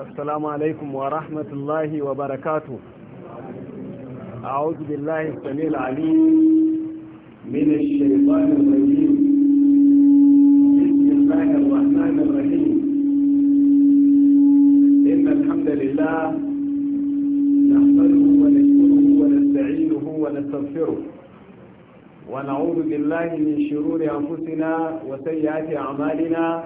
assalamu alaikum wa rahmatullahi wa barakatu a wuzi billahi samir ali min shaifanin rahim min shaifanin rahmanin rahim inna alhamdulillah na faru wa na shuru wa na sa'inuhu wa na tafiru wa na wuzi billahi min shuru da yankusina wa amalina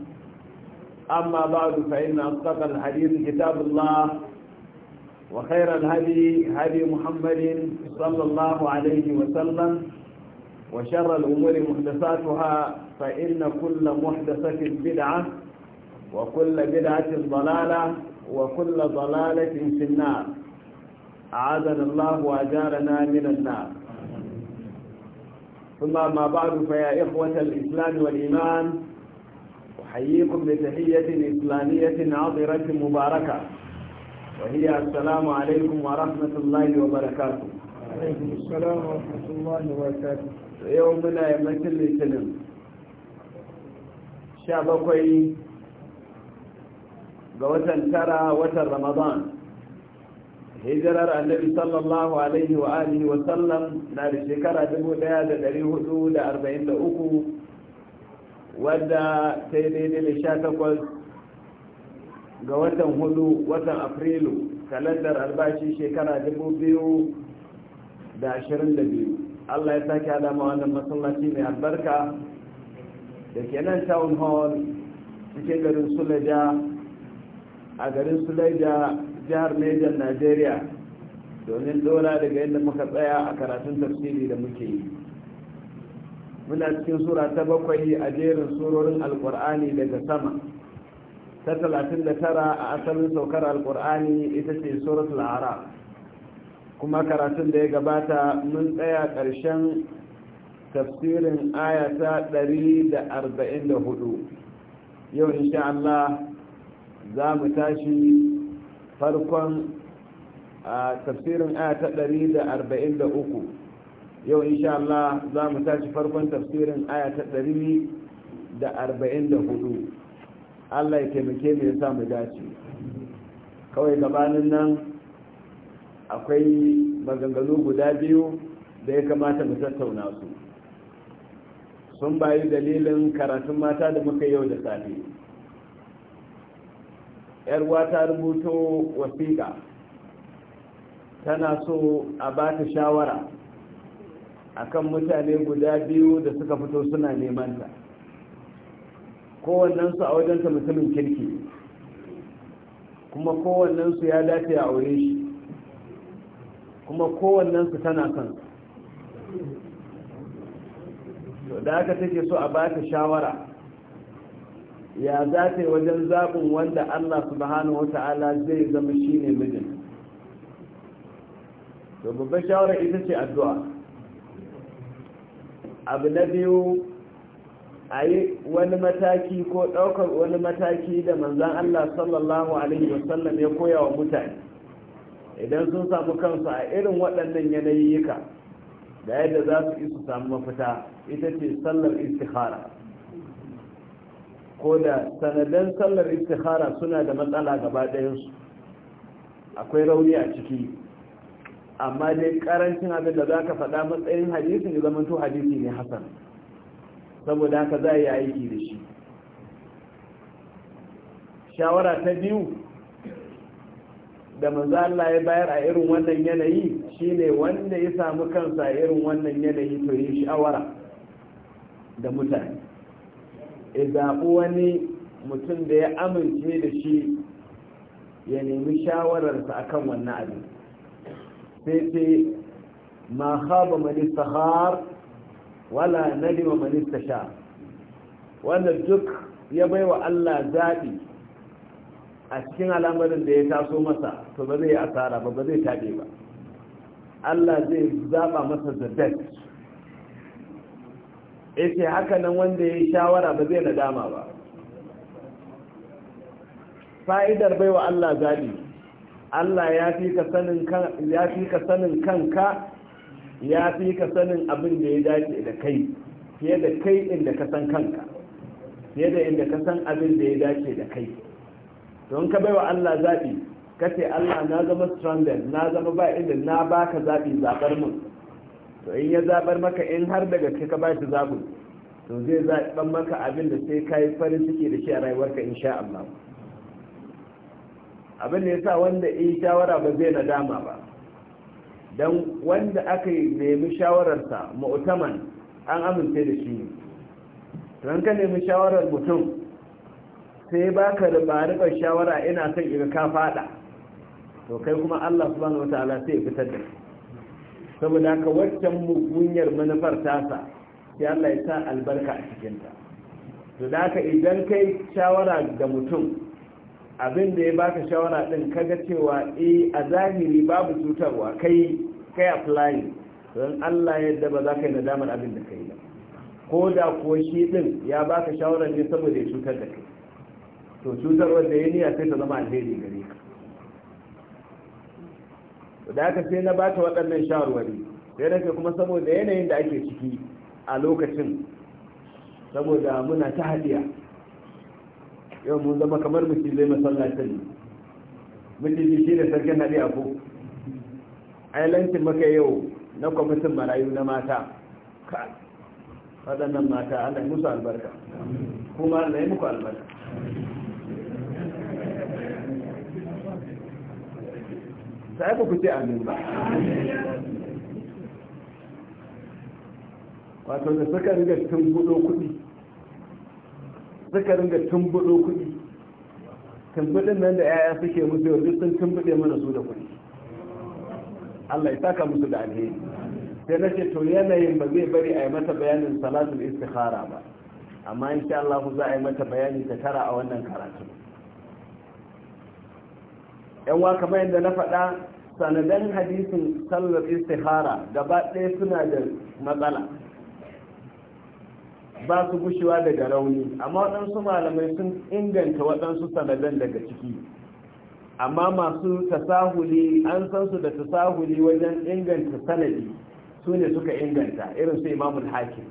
أما بعد فإن أصدق الحديث كتاب الله وخير الهدي هدي محمد صلى الله عليه وسلم وشر الأمور محدثاتها فإن كل محدثة بدعة وكل بدعة ضلالة وكل ضلالة في النار أعاذنا الله وأجارنا من النار ثم ما بعد فيا إخوة الإسلام والإيمان أحييكم بتحية إسلامية عطرة مباركة وهي السلام عليكم ورحمة الله وبركاته عليكم السلام ورحمة الله وبركاته يومنا يمثل الاثنين شابكوي ga watan tara watan ramadan hijirar annabi sallallahu alaihi wa alihi wa sallam na da shekara 1443 wadda ta yi daidai da sha takwas ga watan hudu watan afrilu kalandar albashi shekara dubu biyu da ashirin da biyu allah ya sake adama wannan masallaci mai albarka da ke nan town hall cikin garin sulaja a garin sulaja jihar major nigeria domin dora daga yadda muka tsaya a karatun tafsiri da muke yi muna cikin sura ta bakwai a jerin surorin alkur'ani daga sama ta talatin da tara a asalin saukar alkur'ani ita ce suratul ara kuma karatun da ya gabata mun tsaya ƙarshen tafsirin aya ta 144 yau insha Allah za mu tashi farkon a tafsirin aya ta 143 yau insha Allah za mu tashi farkon tafsirin aya ta ɗari da arba'in da hudu Allah ya taimake mu ya sa mu dace kawai gabanin nan akwai maganganu guda biyu da ya kamata mu tattauna su sun bayi dalilin karatun mata da muka yau da safe yar ta rubuto wasiƙa tana so a ba ta shawara akan mutane guda biyu da suka fito suna neman nemanta kowannensu a wajensa mutumin kirki kuma kowannensu ya dace a aure shi kuma kowannensu tana son To da aka take so a baka shawara ya za ta yi wajen zaɓin wanda allah subhanahu wa ta'ala zai zama shine mijin to babbar shawara ita ce addu'a abu na biyu a yi wani mataki ko ɗaukar wani mataki da manzan Allah sallallahu Alaihi wasallam ya koya wa mutane idan sun samu kansu a irin waɗannan yanayi yika da yadda za su isu samu mafita ita ce sallar istihara ko da sanadan sallar istihara suna da matsala gaba ɗayansu akwai rauni a ciki amma dai karancin abin da za ka faɗa matsayin hadisin ya zamanto hadisi ne hasan saboda haka za a yi aiki da shi shawara ta biyu da manzo Allah ya bayar a irin wannan yanayi shine wanda ya samu kansa a irin wannan yanayi to yi shawara da mutane zaɓi wani mutum da ya amince da shi ya nemi shawararsa akan wannan abin sai ce ma khaba man wala nadima manista sha. wanda duk ya baiwa Allah zabi a cikin al'amarin da ya taso masa to ba zai asara ba ba zai tabe ba Allah zai zaɓa masa zaddat yace haka nan wanda ya yi shawara ba zai nadama ba fa'idar baiwa Allah zabi Allah ya fi ka sanin kanka ya fi ka sanin abin da ya dace da kai fiye da kai inda ka san kanka fiye da inda ka san abin da ya dace da kai don ka baiwa Allah zaɓi ka ce Allah na zama stranded na zama ba inda na baka zaɓi zaɓar mun to in ya zaɓar maka in har daga kai ka ba shi zaɓi to zai zaɓar maka abin da sai ka yi farin ciki da shi a rayuwarka insha Allah abin da ya sa wanda yi shawara ba zai nadama ba don wanda aka nemi shawararsa mutumin an amince da shi ne don ka nemi shawarar mutum sai ba ka riba shawara ina son iga ka fada to kai kuma allah subhanahu wa ta'ala sai fitar da saboda ka waccan mugunyar manufar tasa sai allah ya sa albarka a cikinta to da ka idan kai shawara da mutum abin da ya baka shawara din kaga cewa eh a zahiri babu cutarwa kai kai applying don Allah yadda ba za ka yi nadamar abin da kai ba ko da ko shi din ya baka shawara ne saboda ya cutar da kai to cutarwar da ya niya sai ta zama alheri gare ka da haka sai na bata waɗannan shawarwari sai da kuma saboda yanayin da ake ciki a lokacin saboda muna ta hadiya yau mun zama kamar mutum zai masallacin mutum shi ne sarkin A abu ailancin maka yau na kwamitin marayu na mata waɗannan mata allah musu albarka kuma allah yi muku albarka sai ku ce amin ba wato da suka riga cikin gudo kuɗi suka ringa tumbuɗo kuɗi tumbuɗin nan da 'ya'ya suke musu yau sun tumbuɗe mana su da kuɗi Allah ya saka musu da alheri sai na ce to yanayin ba zai bari a yi mata bayanin salatul istikhara ba amma sha Allah za a yi mata bayani ta tara a wannan karatu yan wa kamar yadda na faɗa sanadan hadisin sallar istikhara gaba ɗaya suna da matsala ba su gushewa daga rauni amma waɗansu malamai sun inganta waɗansu sanadan daga ciki amma masu tasahuli an san su da tasahuli wajen inganta sanadi su ne suka inganta irin su imamul hakim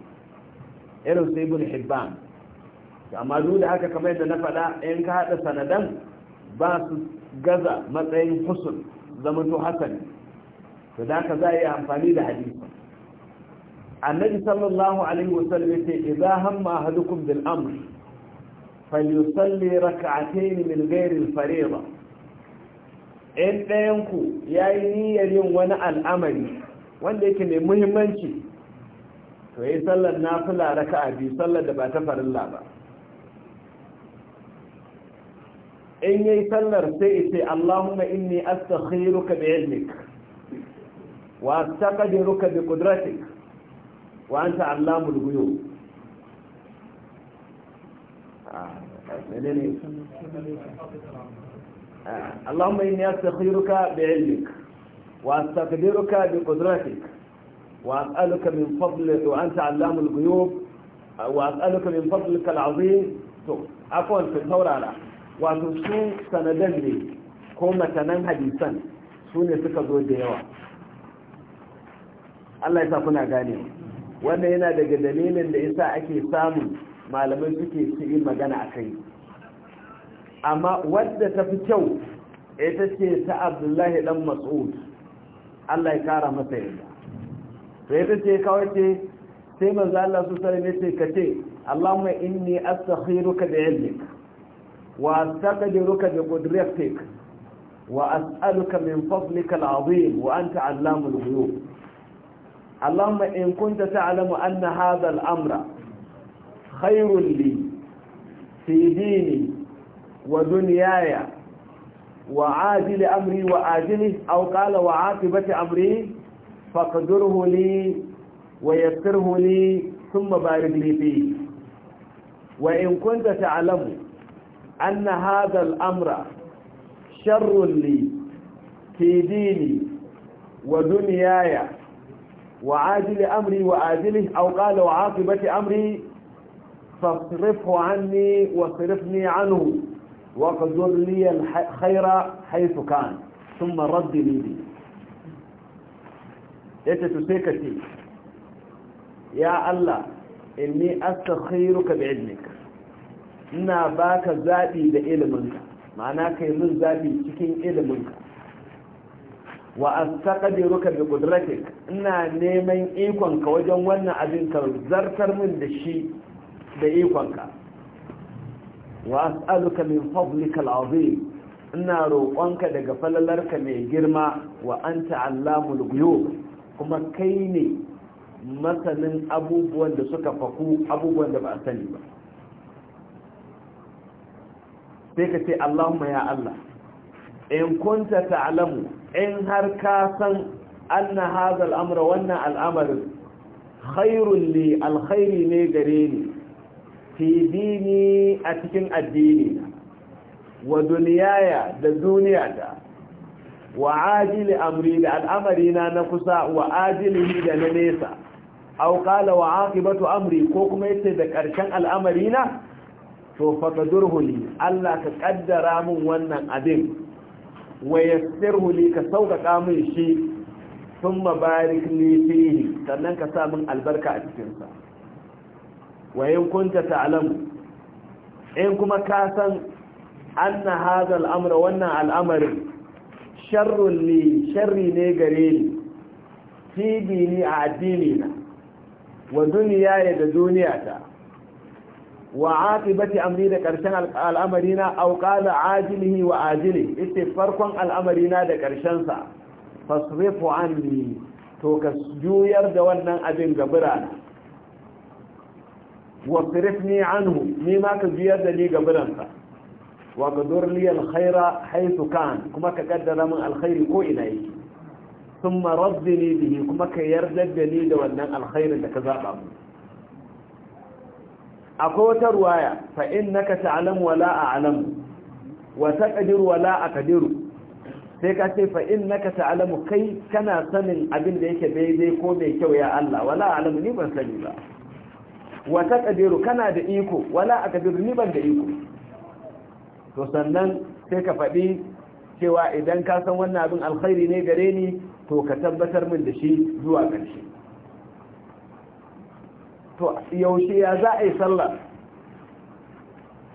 irin su ibn hibban amma duk da haka kamar yadda na faɗa in ka haɗa sanadan ba su gaza matsayin husul zamanto hasan to da haka za a yi amfani da hadisi annabi sallallahu alaihi wasallam yace idza hamma ahadukum bil amr falyusalli rak'atayn min ghairi al fariida in dayan ku yayi niyyar yin wani al'amari wanda yake mai muhimmanci to yayi sallar nafila raka'a biyu sallar da ba ta farilla ba in yayi sallar sai ce Allahumma inni astakhiruka bi ilmik wa astaqdiruka bi qudratik wa anta allamul ghuyub اللهم إني أستخيرك بعلمك وأستقدرك بقدرتك وأسألك من فضلك وأنت علام الغيوب وأسألك من فضلك العظيم عفوا في الثورة على وتسو سندن لي كما تنان حديثا سوني سكزو ديوا الله يسافنا غانيوا wannan yana daga dalilin da yasa ake samun malamai suke su yi magana a kai amma wadda ta fi kyau ita ce ta abdullahi dan mas'ud Allah ya kara masa yadda to ta ce kawai ce sai manzo Allah su ne ce ka ce Allahumma inni astakhiruka da ilmik wa da bi qudratik wa as'aluka min fadlika al'azim wa anta 'allamul ghuyub اللهم إن كنت تعلم أن هذا الأمر خير لي في ديني ودنياي وعاجل أمري وآجله أو قال وعاقبة أمري فاقدره لي ويسره لي ثم بارك لي فيه وإن كنت تعلم أن هذا الأمر شر لي في ديني ودنياي وعاجل أمري وعاجله أو قال وعاقبة أمري فاصرفه عني واصرفني عنه واقدر لي الخير حيث كان ثم رد لي به يتتسيكتي يا الله إني أستخيرك بعلمك إنا باك ذاتي بإلمك معناك يمن ذاتي تكين إلمك wa astaqdiruka bi qudratik ina neman ikonka ka wajen wannan abin ka zartar min da shi da ikonka ka wa as'aluka min fadlika al'azim ina roƙonka daga falalarka mai girma wa anta allamul ghuyub kuma kai ne masanin abubuwan da suka faku abubuwan da ba a sani ba sai ka ce allahumma ya allah in kunta ta'lamu in har ka san anna hadha al'amra wannan al'amarin khairun li alkhairi ne gare ni fi dini a cikin addini na wa duniyaya da duniyata wa ajili amri da al'amari na na kusa wa ni da na nesa aw qala wa aqibatu amri ko kuma yace da karshen al'amari na to faqadurhu li Allah ka kaddara mun wannan abin wa li ka sauƙaƙa min shi sun mabarik ni fihi sannan ka sa min albarka a cikinsa wa in kunta ta'lamu in kuma ka san anna hadha al'amra wannan al'amarin sharrun li sharri ne gare ni fi dini a addini na wa duniya da duniya ta wa bati amri da karshen al'amari na aw qala ajilihi wa ajili ita farkon al'amari da karshen sa fasrifu to ka juyar da wannan abin gabira wa sirifni anhu ni ma ka juyar da ni gabiran sa wa qadur li al-khaira haythu kuma ka kaddara min al-khairi ko ina kuma ka yarda da ni da wannan alkhairin da ka zaɓa akwai wata ruwaya fa innaka ta'lamu wala a'lamu wa taqdiru wala aqdiru sai ka ce fa innaka ta'lamu kai kana sanin abin da yake daidai ko mai kyau ya Allah wala a'lamu ni ban sani ba wa taqdiru kana da iko wala aqdiru ni ban da iko to sannan sai ka faɗi cewa idan ka san wannan abin alkhairi ne gare ni to ka tabbatar min da shi zuwa ƙarshe to yaushe ya za a yi sallah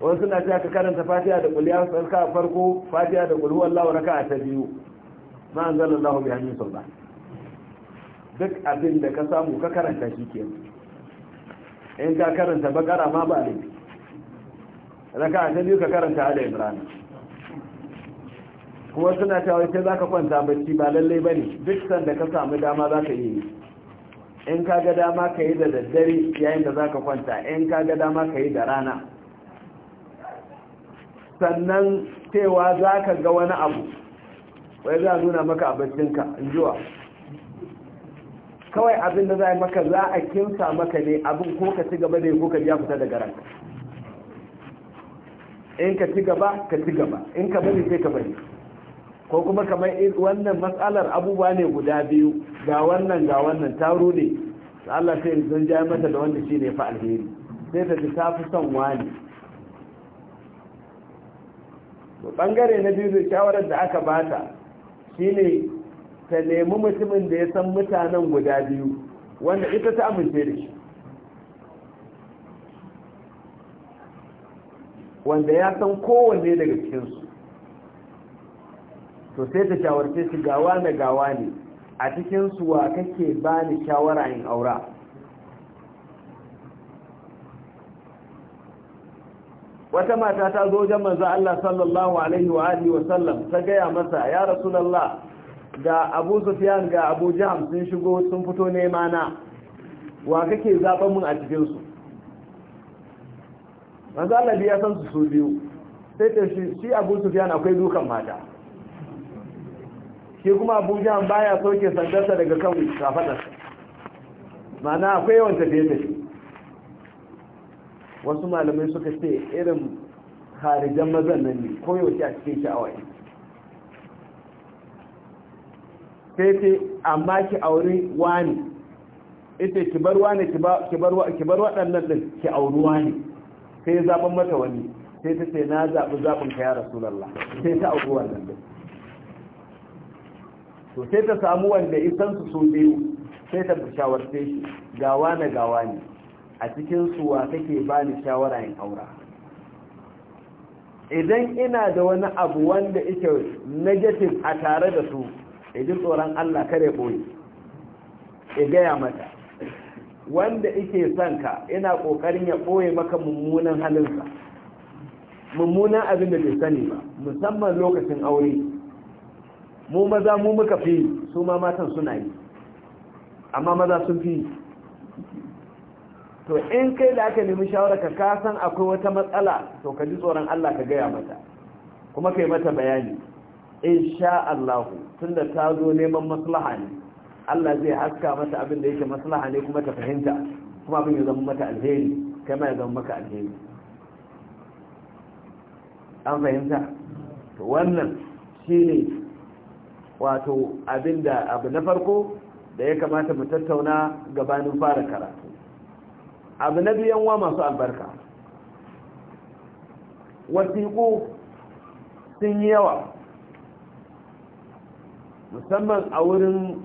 wani suna cewa ka karanta fatiha da kuliya sarka farko fatiha da kulhu ka a ta biyu zan anzalallahu bi hannun sallah duk abin da ka samu ka karanta shi ke in ka karanta bakara ma ba laifi a ta biyu ka karanta ala imran kuma suna cewa sai zaka kwanta bacci ba lallai bane duk sanda ka samu dama zaka yi in ka ga dama ka yi da daddare yayin da za ka kwanta in ka ga dama ka yi da rana sannan cewa za ka ga wani abu wai za a nuna maka abincinka jiwa kawai abin da za a yi maka za a kimsa maka ne abin ko ka ci gaba da yi ko ka biya fita daga ranka in ka ci gaba ka ci gaba in ka bari sai ka bari ko kuma kamar wannan matsalar abubuwa ne guda biyu ga wannan ga wannan taro ne Allah sai zan ja mata da wanda shine fa alheri sai ta ji ta fi son wani to bangare na biyu da shawarar da aka bata shine ta nemi mutumin da ya san mutanen guda biyu wanda ita ta amince da shi wanda ya san kowanne daga cikinsu to sai ta shawarce shi gawa na gawa ne a cikin suwa kake ba ni shawara yin aura wata mata ta zo wajen manzo Allah sallallahu alaihi wa alihi wa sallam ta gaya masa ya rasulullah ga Abu Sufyan ga Abu Jahm sun shigo sun fito nema na wa kake zaban mun a cikin su manzo Allah ya san su su biyu sai ta shi Abu Sufyan akwai dukan mata ke kuma abuja baya soke sandarsa daga kan kafadarsa mana akwai yawan tafiye-tafi wasu malamai suka ce irin harijan mazan nan ne koyaushe a cikin sha'awai. sai ce amma ki auri wani ita ki bar wani ki bar waɗannan din ki auri wani sai zaben mata wani sai ta ce na zaɓi zaɓin ka ya rasulallah sai ta auri wannan to sai ta samu wanda isan su so biyu sai ta shawarce shi gawa na gawa ne a cikin suwa kake ba ni shawara in aura idan ina da wani abu wanda ike negative a tare da su ji tsoron Allah kare boye ya gaya mata wanda ike son ka ina kokarin ya boye maka mummunan halinsa mummunan abin da bai sani ba musamman lokacin aure mu maza mu muka fi su ma matan suna yi amma maza sun fi to in kai da aka nemi shawara ka kasan akwai wata matsala to ka ji tsoron Allah ka gaya mata kuma kai mata bayani insha Allah tunda ta zo neman maslaha ne Allah zai haska mata abin da yake maslaha ne kuma ta fahimta kuma abin ya zama mata alheri kai ma ya zama maka alheri an fahimta to wannan shine wato abinda abu na farko da ya kamata mu tattauna gabanin fara karatu abu na biyan wa masu albarka wasiƙo sun yi yawa musamman a wurin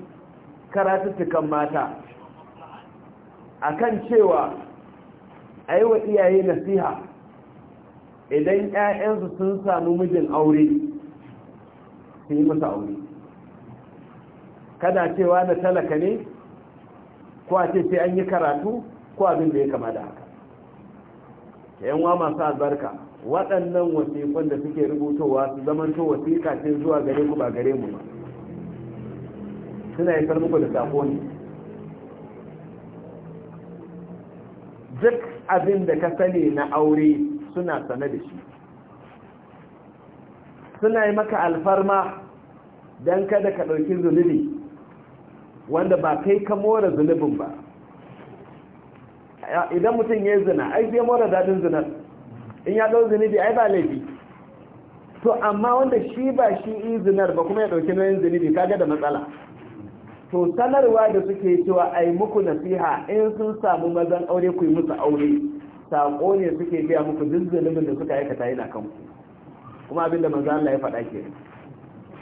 karatuttukan mata a kan cewa a yi wa iyaye nasiha idan 'ya'yansu sun samu mijin aure su yi musu aure kana cewa da talaka ne ko a ce sai an yi karatu ko abin da ya kama da haka yanwa masu albarka waɗannan wasiƙon da suke rubutowa su to wasiƙa ce zuwa gare ku ba gare mu ba suna yi muku da sako ne duk abin da ka sani na aure suna sane da shi suna yi maka alfarma don kada ka ɗauki zunubi wanda ba kai ka more zunubin ba idan mutum ya zina ai zai more daɗin zinar in ya ɗau zunubi ai ba laifi to amma wanda shi ba shi yi zinar ba kuma ya ɗauki nauyin zunubi kaga da matsala to sanarwa da suke cewa ai muku nasiha in sun samu mazan aure ku yi musu aure saƙo ne suke biya muku duk zunubin da suka aikata yana kanku kuma abinda manzo Allah ya faɗa ke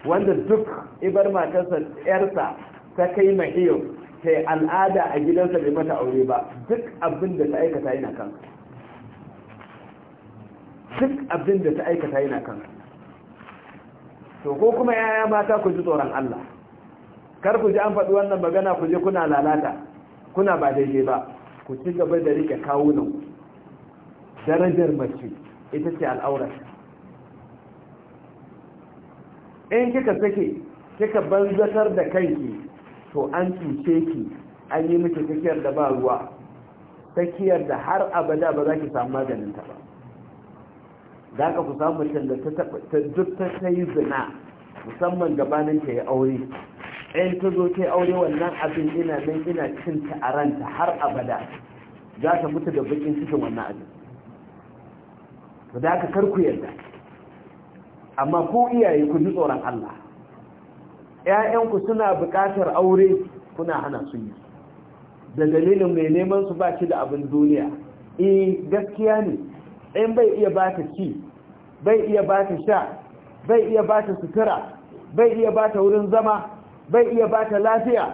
wanda duk ibar matarsa yarsa ta kai mahiyar ta al'ada a gidansa bai mata aure ba duk abin da ta aikata yana kan duk abin da ta aikata yana kan to ko kuma yaya mata ku ji tsoron Allah kar ku ji an faɗi wannan magana ku je kuna lalata kuna ba daidai ba ku ci gaba da rike kawunan darajar mace ita ce al'aurar in kika sake kika banzatar da kanki to an cuce ki an yi miki tsakiyar da ba ruwa tsakiyar da har abada ba za ki samu maganin ta ba za ka ku samu mutum da ta duk ta yi zina musamman gabanin ta yi aure in ta zo ta aure wannan abin ina nan ina cin ta a ranta har abada za ta mutu da bakin cikin wannan abin da ka kar ku yarda amma ko iyaye ku ji tsoron Allah ƴaƴanku suna buƙatar aure kuna hana su yi da dalilin mai neman su ba shi da abin duniya eh gaskiya ne ɗayan bai iya ba ta ci bai iya ba ta sha bai iya ba ta sutura bai iya ba ta wurin zama bai iya ba ta lafiya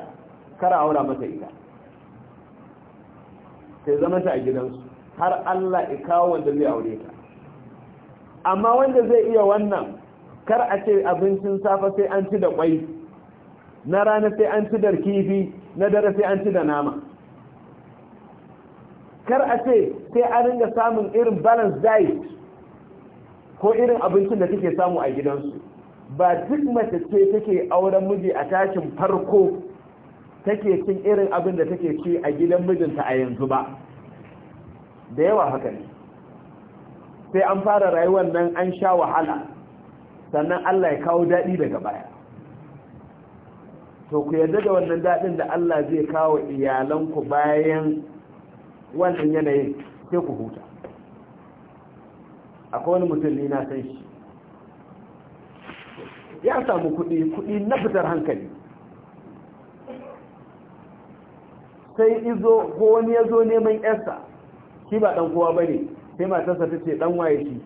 kara aura mata ita sai zama ta a gidansu har Allah ya kawo wanda zai aure ta amma wanda zai iya wannan kar a ce abincin safe sai an ci da ƙwai. na rana sai an ci da kifi na dare sai an ci da nama kar a ce sai an ringa samun irin balance diet ko irin abincin da take samu a gidansu ba duk mace ce take auren miji a tashin farko take cin irin abin da take ci a gidan mijinta a yanzu ba da yawa haka ne sai an fara rayuwar nan an sha wahala sannan Allah ya kawo daɗi daga baya to ku yarda da wannan daɗin da Allah zai kawo iyalanku bayan wannan yanayin sai ku huta akwai wani mutum ni na san shi ya samu kuɗi kuɗi na fitar hankali sai izo ko wani ya zo neman yarsa shi ba ɗan kowa ba ne sai matarsa ta ce ɗan waye shi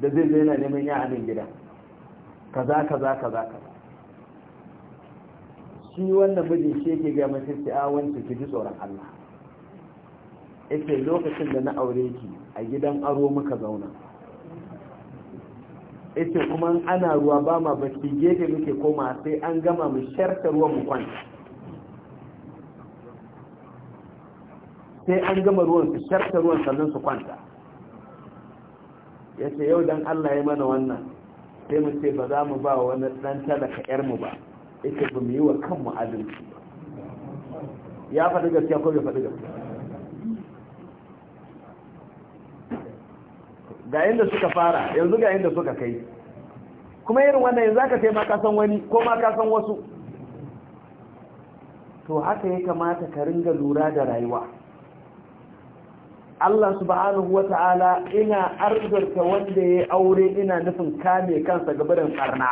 da zai zai na neman ya gida kaza kaza kaza kaza shi wannan mijin shi yake ga mace ce a wanda ki ji tsoron Allah yace lokacin da na aure ki a gidan aro muka zauna yace kuma ana ruwa ba ma bacci gefe muke koma sai an gama mu sharta ruwan mu kwanta sai an gama ruwan su sharta ruwan sannan su kwanta yace yau dan Allah ya mana wannan sai mu ce ba za mu ba wani dan talaka yar mu ba ita ba mu yi wa kanmu adalci ba ya faɗi gaskiya ko bai faɗi gaskiya ga inda suka fara yanzu ga inda suka kai kuma irin wannan yanzu aka taimaka ka san wani ko ma ka san wasu to haka ya kamata ka ringa lura da rayuwa Allah subhanahu wa ta'ala ina arzarta wanda ya aure ina nufin kame kansa gabarin karna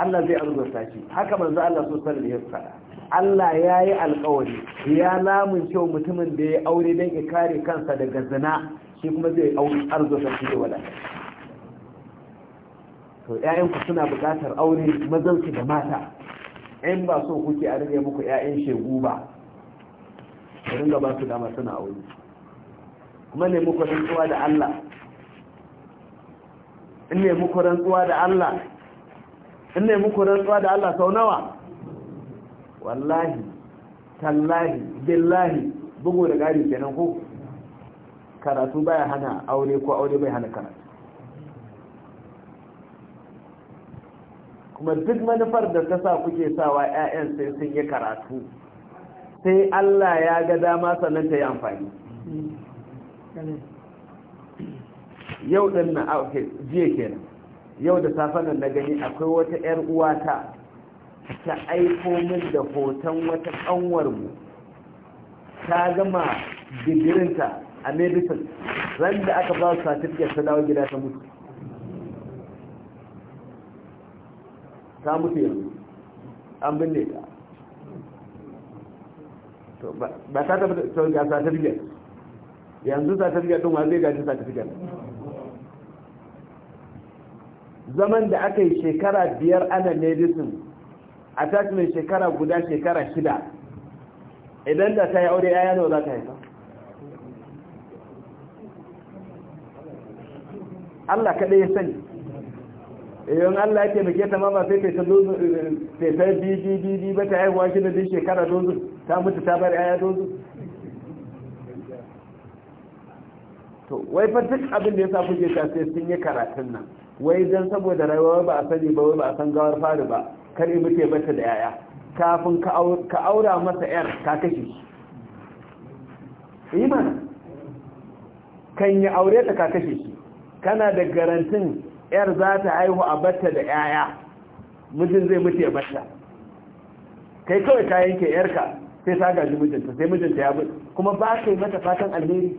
Allah zai arzuta shi haka manzo Allah so sallallahu alaihi wasallam Allah yayi alƙawari ya lamun cewa mutumin da ya aure dan ya kare kansa daga zina shi kuma zai arzuta shi da wala to ku suna buƙatar aure mazan su da mata in ba so kuke a rage muku ƴaƴan shegu ba ku ringa ba su dama suna aure kuma ne muku rantsuwa da Allah in ne muku rantsuwa da Allah in ne muku rantsuwa da Allah sau nawa wallahi tallahi billahi bugu da ƙari kenan ko karatu baya hana aure ko aure bai hana karatu kuma duk manufar da ta sa kuke sawa 'ya'yan sai sun yi karatu sai Allah ya ga dama sannan ta yi amfani yau ɗin na jiya kenan yau da safen nan na gani akwai wata 'yar uwata ta aiko min da hoton wata mu ta gama digirinta a medicine ran da aka ba su certificate ta dawo gida ta mutu ta mutu yanzu an binne ta ba ta tafi da certificate yanzu certificate ɗin wa zai gaji certificate zaman da aka yi shekara biyar ana medicine attachment shekara guda shekara shida idan da ta yi aure yaya nawa za ta haifa Allah kaɗai ya sani yawan eh, Allah ya taimake ta mama sai ta dozu sai ta bibi ba ta haihuwa shi da shekara dozu ta mutu ta bar aya dozu to wai fa duk abin da ya sa kuke ta sai sun yi karatun nan wai dan saboda rayuwa ba a sani ba wai ba a san gawar fari ba kar in mutu mata da yaya kafin ka aura masa yar ka kashe shi iman kan yi aure ta ka kashe shi kana da garantin yar za ta haihu a batta da yaya mijin zai mutu ya batta kai kawai ka yanke yarka sai ta gaji mijinta sai mijinta ya mutu kuma ba ka yi mata fatan alheri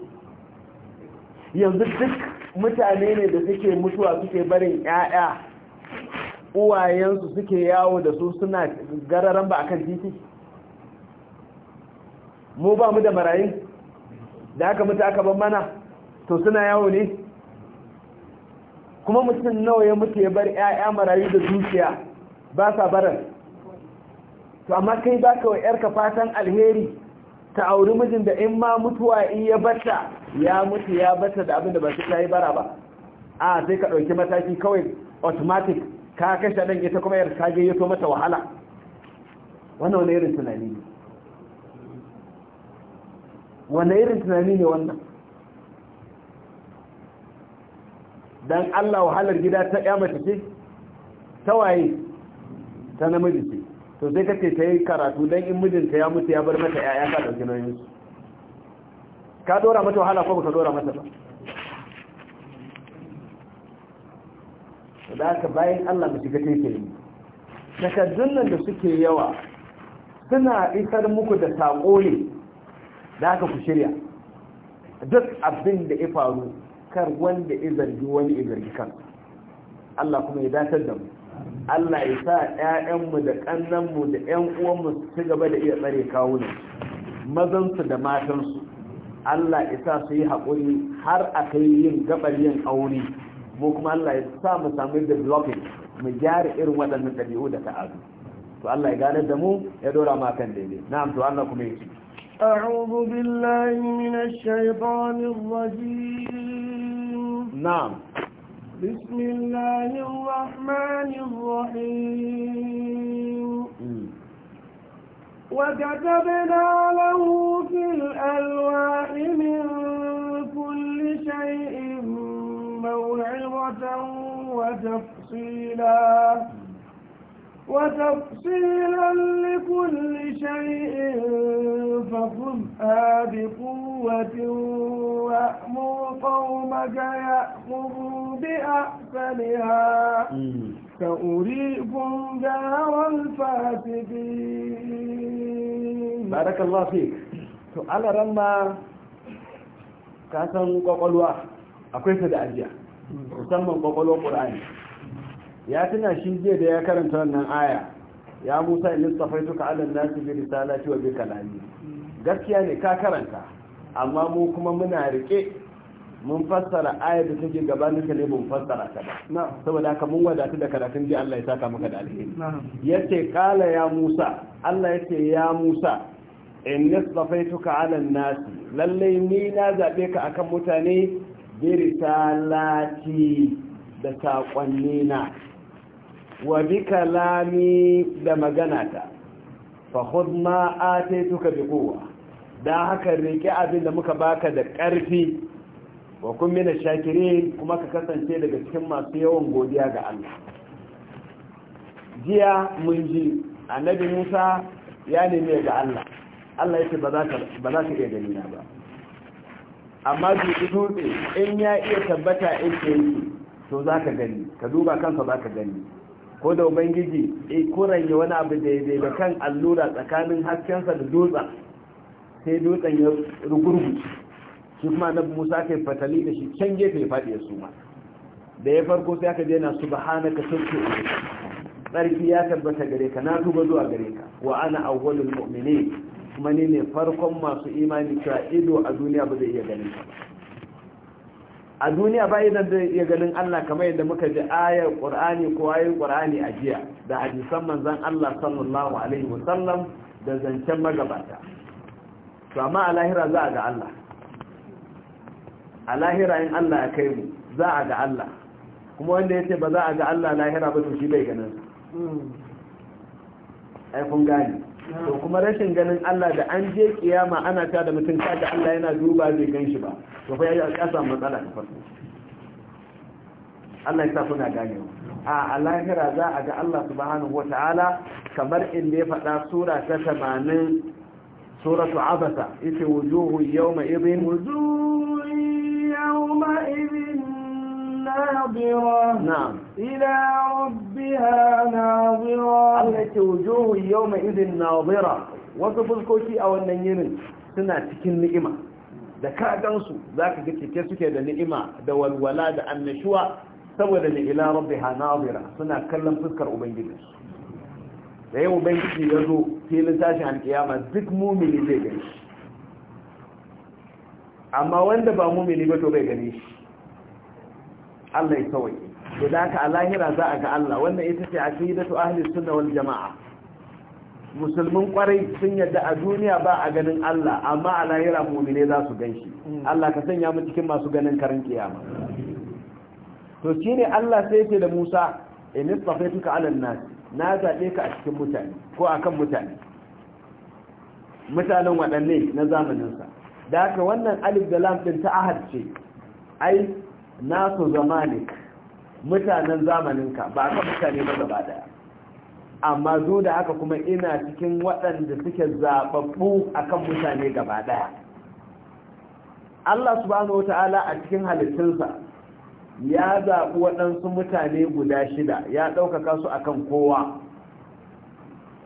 yanzu duk mutane ne da suke mutuwa suke barin 'ya'ya uwayensu suke yawo da su suna gararan ba akan titi mu ba mu da marayin da aka mutu aka ban mana to suna yawo ne kuma mutum nawa ya mutu ya bar 'ya'ya marayu da zuciya ba sa barar to amma kai ba ka wa 'yarka fatan alheri ta auri mijin da in ma mutuwa in ya bata ya mutu ya bata da abin da ba su ta yi bara ba a sai ka ɗauki mataki kawai automatic ka kashe ɗan ita kuma yarka yato mata wahala wannan wani irin tunani ne wani irin tunani ne wannan don allah wahalar gida ta ya mace ce ta waye ta namiji ce to zai ka ce ta yi karatu don in mijinta ya mutu ya bar mata ya ka ɗauki nauyinsu ka dora mata wahala ko ka dora mata ba da aka bayan Allah mu shiga take takaddun nan da suke yawa suna isar muku da saƙo ne da aka ku shirya duk abin da ya faru kar wanda ya zargi wani ya zargi kan Allah kuma ya datar da mu Allah ya sa ƴaƴanmu da ƙannanmu da ƴan uwanmu su ci gaba da iya tsare kawo ne. mazansu da matansu Allah ya sa su yi haƙuri har a kai yin gabar yin aure mu kuma Allah ya sa mu samu da blocking mu gyara irin waɗannan ɗabi'u da ta'adu to Allah ya gane da mu ya dora ma kan daidai na'am to Allah kuma yake أعوذ بالله من الشيطان الرجيم نعم بسم الله الرحمن الرحيم وكتبنا له في الألواح من كل شيء موعظة وتفصيلا وتفصيلا لكل شيء فخذها بقوة وأمر قومك يأخذوا بأحسنها سأريكم دار الفاسقين بارك الله فيك to ala ramma ka san kwakwalwa akwai ta da ajiya musamman kwakwalwar ƙur'ani ya tuna shi jiya da ya karanta wannan aya ya musa in istafaitu ka ala nasu bi risalati wa bi kalami gaskiya ne ka karanta amma mu kuma muna rike mun fassara ayar da take gabanin ka ne mun fassara ka ba saboda haka mun wadatu da karatun ji Allah ya saka maka da alheri yace kala ya Musa Allah yace ya Musa in nasfaituka ala nas lalle ni na zabe ka akan mutane bi risalati da na wa bi kalami da maganata fa khud ma ataituka bi quwwa da haka riƙe abin da muka baka da ƙarfi wa kun mina shakirin kuma ka kasance daga cikin masu yawan godiya ga Allah jiya mun ji annabi Musa ya neme ga Allah Allah yake ba za ka iya gani ba amma dutse dutse in ya iya tabbata in ce to za ka gani ka duba kansa za ka gani ko da ubangiji e kuranye wani abu daidai da kan allura tsakanin haskensa da dutsen sai dutsen ya rugurgu shi kuma annabi Musa kai fatali da shi can gefe ya fadi ya suma da ya farko sai aka daina subhanaka sabtu tsarki ya tabbata gare ka na tuba zuwa gare ka wa ana awwalul mu'minin kuma ne ne farkon masu imani cewa ido a duniya ba zai iya ganin ba. a duniya ba idan da iya ganin Allah kamar yadda muka ji ayar Qur'ani ko ayar Qur'ani a jiya da hadisan manzon Allah sallallahu alaihi wasallam da zancen magabata to amma a lahira za a ga Allah a lahira in Allah ya kai mu za a ga Allah kuma wanda ya ce ba za a ga Allah lahira ba to shi bai ganin ai kun gane to kuma rashin ganin Allah da an je kiyama ana ta da mutum ga Allah yana duba bai gan shi ba to fa ya kasa matsala ta farko Allah ya sa kuna ganewa a lahira za a ga Allah subhanahu wata'ala kamar inda ya faɗa sura ta 80 suratu abasa ita wujuhu yawma idhin wujuhu يومئذ ناظرة نعم إلى ربها ناظرة التي وجوه يومئذ ناظرة wasu fuskoki a wannan yinin suna cikin ni'ima da ka gansu za ka ga cike suke da ni'ima da walwala da annashuwa saboda ni ila rabbiha nazira suna kallon fuskar ubangiji da yau ubangiji ya zo filin tashin alkiyama duk mumini zai gani amma wanda ba mumini ba to bai gani shi Allah ya kawai to da ka alahira za a ga Allah wannan ita ce aqidatu ahli sunna wal jamaa musulmin kwarai sun yadda a duniya ba a ganin Allah amma alahira mumine za su gan shi Allah ka sanya mu cikin masu ganin karin kiyama to shine Allah sai yake da Musa in istafaituka ala nas na zabe ka a cikin mutane ko akan mutane mutanen waɗanne na zamanin sa. da wannan alif da lam din ta ahad ce ai nasu zamanik mutanen zamaninka ba ka mutane ba gaba daya amma zo da haka kuma ina cikin waɗanda suke zaɓaɓɓu akan mutane gaba daya Allah subhanahu wata'ala a cikin halittunsa ya zaɓi waɗansu mutane guda shida ya ɗaukaka su akan kowa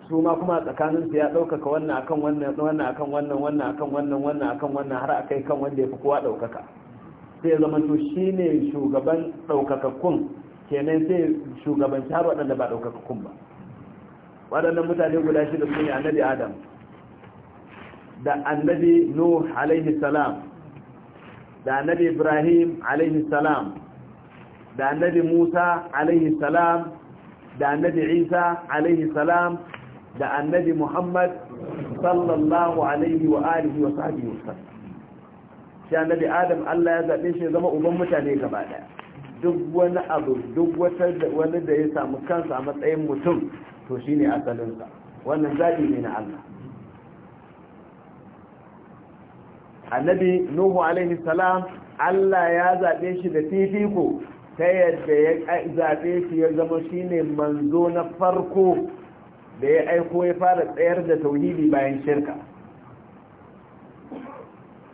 su ma kuma tsakanin su ya ɗaukaka wannan akan wannan wannan akan wannan wannan akan wannan wannan akan wannan har akai kan wanda ya fi kowa ɗaukaka sai ya zama to shine shugaban ɗaukakakkun kenan sai shugabanci har waɗanda ba ɗaukakakkun ba waɗannan mutane guda shida da ne annabi adam da annabi nuh alaihi salam da annabi ibrahim alaihi salam da annabi musa alaihi salam da annabi isa alaihi salam da annabi muhammad sallallahu alaihi wa alihi wa sahbihi wasallam shi annabi adam Allah ya zabe shi zama uban mutane gaba daya duk wani abu duk wata wani da ya samu kansa a matsayin mutum to shine asalin sa wannan zabi ne na Allah annabi nuhu alaihi salam Allah ya zabe shi da fifiko ta yadda ya zabe shi ya zama shine manzo na farko da ya aiko ya fara tsayar da tauhidi bayan shirka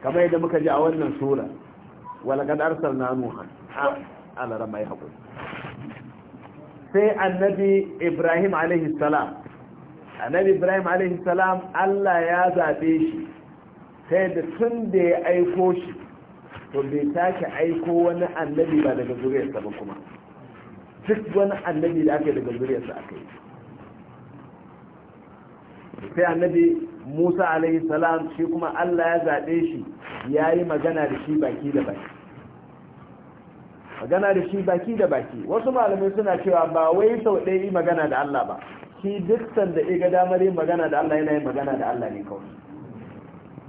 kamar yadda muka ji a wannan sura walakad arsalna nuha ala ramai haƙuri sai annabi ibrahim alaihi salam annabi ibrahim alaihi salam allah ya zaɓe shi sai da tun da ya aiko shi to bai take aiko wani annabi ba daga zuriyarsa ba kuma duk wani annabi da aka daga zuriyarsa aka yi sai annabi musa alaihi salam shi kuma allah ya zaɓe shi ya yi magana da shi baki da baki magana da shi baki da baki wasu malamai suna cewa ba wai sau ɗaya yi magana da allah ba shi duk sanda ya ga damar yin magana da allah yana yin magana da allah ne kawai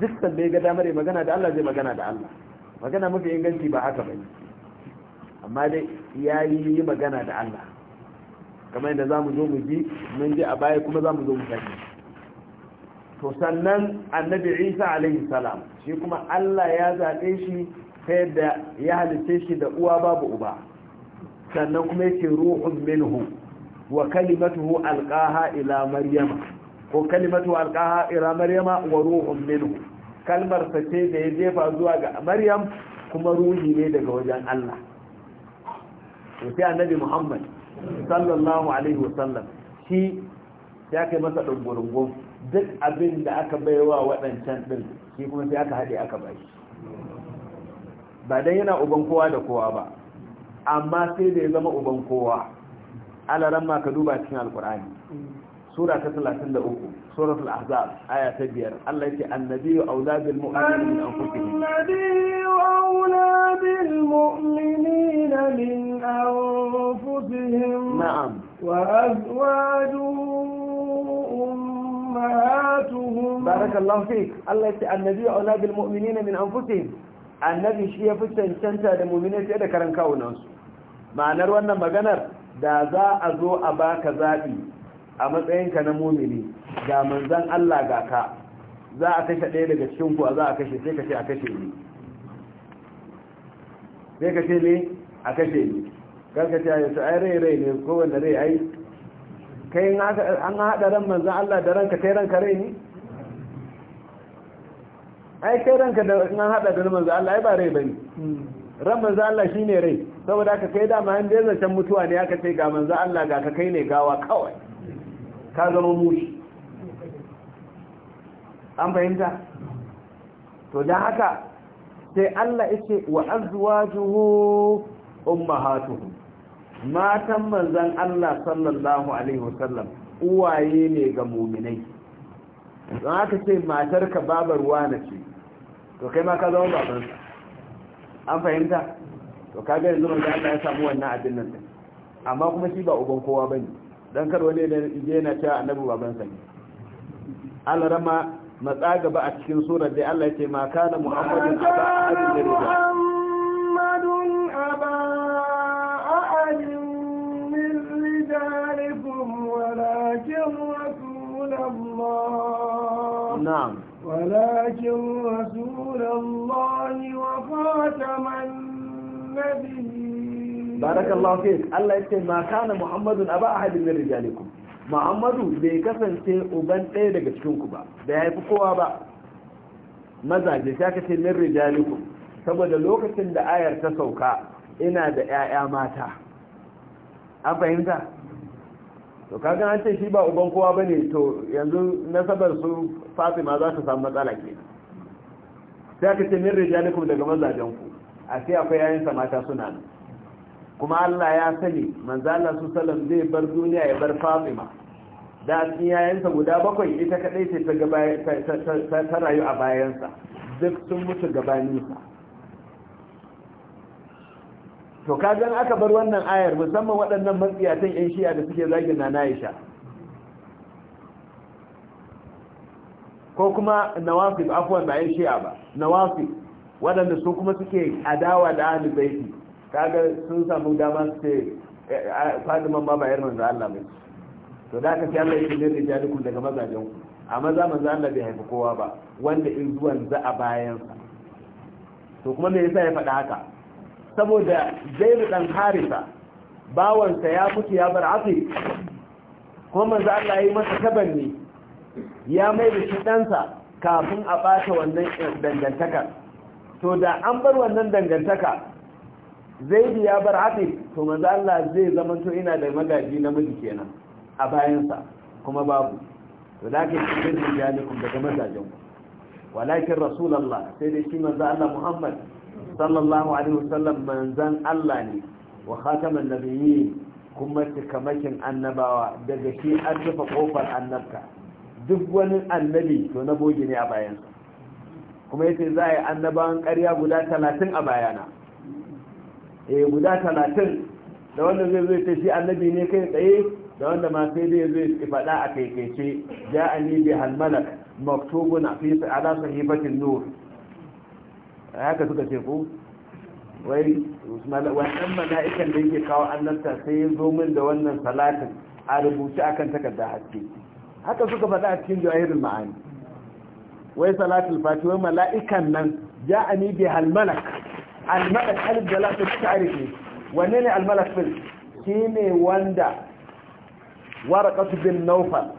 duk sanda ya ga damar yin magana da allah zai magana da allah magana mafi inganci ba haka ba amma dai ya yi magana da allah kamar yadda za mu zo mu ji mun ji a baya kuma za mu zo mu sake to sannan annabi isa alaihi salam shi kuma allah ya zaɓe shi ta yadda ya halitta shi da uwa babu uba sannan kuma yake ruhun minhu wa kalimatuhu alqaha ila maryama ko kalimatu alqaha ila maryama wa ruhun minhu kalmar sa ce da ya jefa zuwa ga maryam kuma ruhi ne daga wajen allah to sai annabi muhammad sallallahu alaihi wasallam shi ya kai masa ɗungurungun duk abin da aka baiwa waɗancan ɗin shi kuma sai aka haɗe aka bai ba dan yana uban kowa da kowa ba amma sai da ya zama uban kowa alaran ma ka duba cikin alkur'ani sura ta 33 ta ahzab aya ta 5 Allah yake annabiyyu auladul mu'minina min anfusihim annabiyyu auladul mu'minina min anfusihim na'am wa azwajuhum أمهاتهم بارك الله فيك الله يسأل النبي أولى بالمؤمنين من أنفسهم annabi shi ya fi cancanta da mummune fiye da karan kawunansu ma'anar wannan maganar da za a zo a baka zaɓi a matsayinka na mumini ga manzan Allah ga ka za a kashe ɗaya daga cikin ku za a kashe sai ka a kashe ni sai ce a kashe ni a yasu rai rai ne kowane rai ai kai an haɗa ran manzan Allah da ranka kai ranka rai ne ai kai ranka da an haɗa da manzan Allah ai ba rai bane ran manzan Allah shine rai saboda ka kai dama an dai zancen mutuwa ne aka ce ga manzan Allah ga ka kai ne gawa kawai ka zama mushi an fahimta to dan haka sai Allah yake wa azwajuhu ummahatuhum matan manzan Allah sallallahu alaihi wasallam uwaye ne ga muminai don haka ce matar ka babar wane ce to kai ma ka zama babansa an fahimta to ka ga yanzu manzan Allah ya samu wannan abin nan amma kuma shi ba uban kowa bane dan kar wani ne na cewa annabi babansa ne alarama matsa gaba a cikin surar da Allah ya ce ma kana muhammadin aba abin da الله نعم ولكن رسول الله وخاتم النبي بارك الله فيك الله يكتب ما كان محمد Muhammadu bai kasance uban ɗaya daga cikinku ba, bai haifi kowa ba, mazaje sai aka min rijalikum saboda lokacin da ayar ta sauka ina da 'ya'ya mata. An fahimta? to kaga an ce shi ba uban kowa ba ne to yanzu nasabar su fatima za ta samu matsala ke sai aka ce min rijalikum daga mazajenku a sai akwai yayin mata suna nan kuma Allah ya sani manzo Allah su sallam zai bar duniya ya bar fatima da cikin yayansa guda bakwai ita kadai ce ta rayu a bayansa duk sun mutu gabaninsa to kagan aka bar wannan ayar musamman waɗannan matsiyatan 'yan shiya da suke zagin na na'isha ko kuma nawafis afuwan ba 'yan shiya ba nawafi waɗanda su kuma suke adawa da ahalin baiti kaga sun samu dama su ce eh, eh, fadiman ma ba yar manzo Allah mai to da aka fi Allah yake ne rijalikun daga mazajen ku a maza manzo Allah bai haifi kowa ba wanda in zuwan za a bayansa to kuma me yasa ya faɗa haka saboda zairu dan harisa bawansa ya mutu ya bar afi kuma manzo Allah ya yi masa tabanni ya mai da shi ɗansa kafin a ɓata wannan dangantaka. to da an bar wannan dangantaka bi ya bar afi to manzo Allah zai zama to ina da magaji na namiji kenan a bayansa kuma babu to da ke cikin jami'in daga mazajen walakin rasulallah sai dai shi manza Allah Muhammad sallallahu alaihi wasallam manzan Allah ne wa khataman nabiyyi kuma cikamakin annabawa daga shi an rufe kofar annabka duk wani annabi to na bogi ne a bayansa kuma yace za a yi annabawan ƙarya guda talatin a bayana e guda talatin da wanda zai zai ta shi annabi ne kai tsaye da wanda ma sai dai zai faɗa a kaikaice ja'ani bi halmalak maktubun fi ala sahifatin nur haka suka ce ku? wai wannan mala'ikan da yake kawo annabta sai ya zo min da wannan salatin a rubuce akan takarda haske haka suka faɗa a cikin jawahirul ma'ani wai salatul fati wai mala'ikan nan a ja'ani bi halmalak almalak alif da lafi ta'arifi wanne ne almalak fil ne wanda warqatu bin nawfal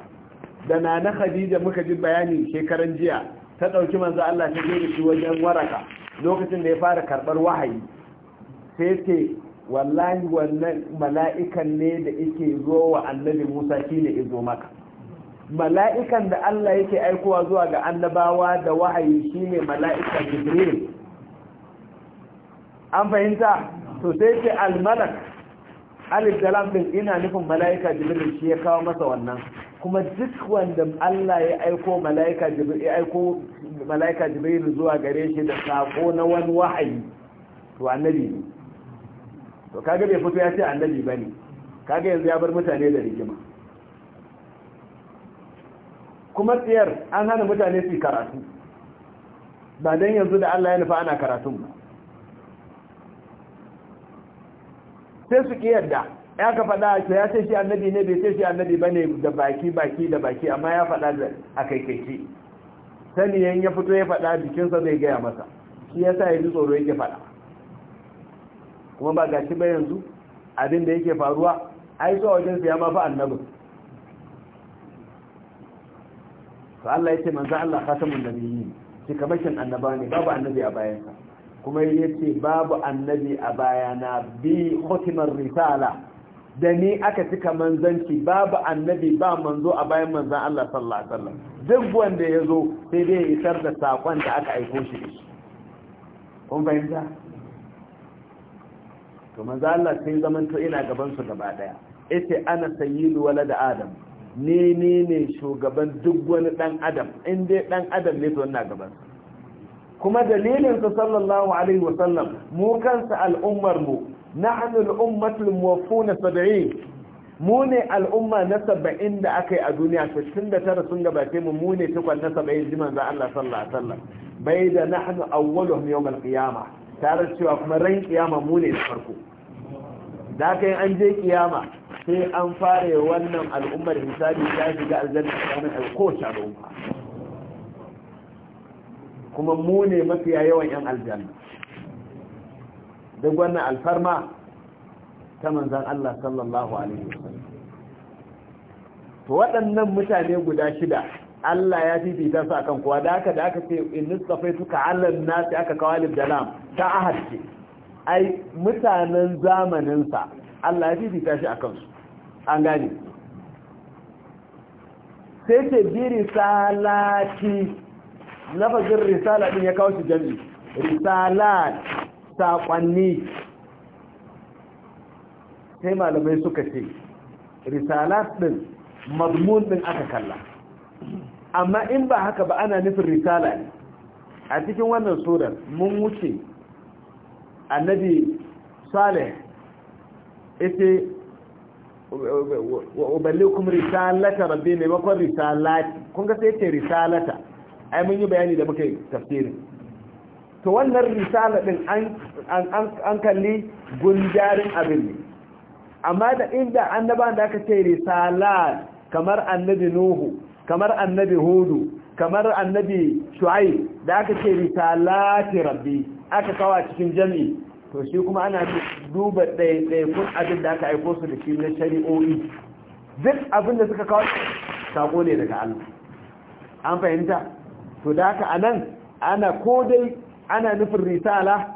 da na na khadija muka ji bayani shekaran jiya ta ɗauki manzo Allah ta je da shi wajen waraka lokacin da ya fara karɓar wahayi sai ce wallahi wannan mala'ikan ne da yake zo wa annabi Musa shine izo maka mala'ikan da Allah yake aikowa zuwa ga annabawa da wahayi shine mala'ikan Jibril an fahimta to sai ce al-malak alif da lam din ina nufin mala'ika Jibril shi ya kawo masa wannan kuma duk wanda Allah ya aiko mala'ika jibril ya aiko mala'ika jibril zuwa gare shi da sako na wani wahayi to annabi ne to kaga bai fito ya ce annabi bane kaga yanzu ya bar mutane da rigima kuma tsiyar an hana mutane su karatu ba dan yanzu da Allah ya nufa ana karatun ba sai su ki yarda ya ka faɗa ce ya ce shi annabi ne bai ce shi annabi bane da baki baki da baki amma ya faɗa da a kaikaici saniyan ya fito ya faɗa jikinsa zai gaya masa shi ya sa ya ji tsoro yake faɗa kuma ba ga shi ba yanzu abin da yake faruwa ai wajen wajensa ya mafi annabin to Allah ya ce manzo Allah khatamun nabiyyin shi kamashin annaba ne babu annabi a bayansa kuma ya ce babu annabi a bayana bi khotimar risala da ni aka cika manzanci babu annabi ba manzo a bayan manzan Allah sallallahu alaihi wasallam duk wanda ya zo sai dai ya isar da sakon da aka aiko shi da shi kun fahimta to manzan Allah sai to ina gaban su gaba daya yace ana sayyidu walad adam ne ne ne shugaban duk wani dan adam in dai dan adam ne to ina gaban kuma dalilin sa sallallahu alaihi wasallam mu kansa al'ummar mu nahnu al-ummatul al'umma na 70 da akai a duniya da sun gabace mu mu ne tukwan na 70 jiman za Allah sallallahu bai da nahnu awwaluhum al-qiyama tare cewa kuma ran kiyama mu ne da farko da aka yi an je kiyama sai an fara wannan al'ummar hisabi ta shiga aljanna tsakanin alkowace al'umma kuma mafiya yawan 'yan aljanna duk wannan alfarma ta manzan Allah sallallahu alaihi wasallam waɗannan mutane guda shida Allah ya fifita su akan kowa da aka da aka ce in nistafaituka alan nasi aka kawalib da lam ta ahad ai mutanen zamanin sa Allah ya fifita shi akan su an gane sai ce bi risalati lafazin risala din ya kawo su jami risalat saƙonni sai malamai suka ce risalat ɗin mazmun ɗin aka kalla amma in ba haka ba ana nufin risala ne a cikin wannan surar mun wuce annabi saleh ita uballi kuma risalata rabbi maimakon risalati kun sai ce risalata ai mun yi bayani da muka yi tafsirin to wannan risala din an kalli gunjarin abin ne amma da inda annaban da aka ce risala kamar annabi nuhu kamar annabi hudu kamar annabi shu'ai da aka ce risala ta rabbi aka kawa cikin Jami, to shi kuma ana duba kun abin da aka aiko su da shi na shari'o'i duk abin da suka kawo sako ne daga Allah an fahimta to da haka anan ana ko dai ana nufin risala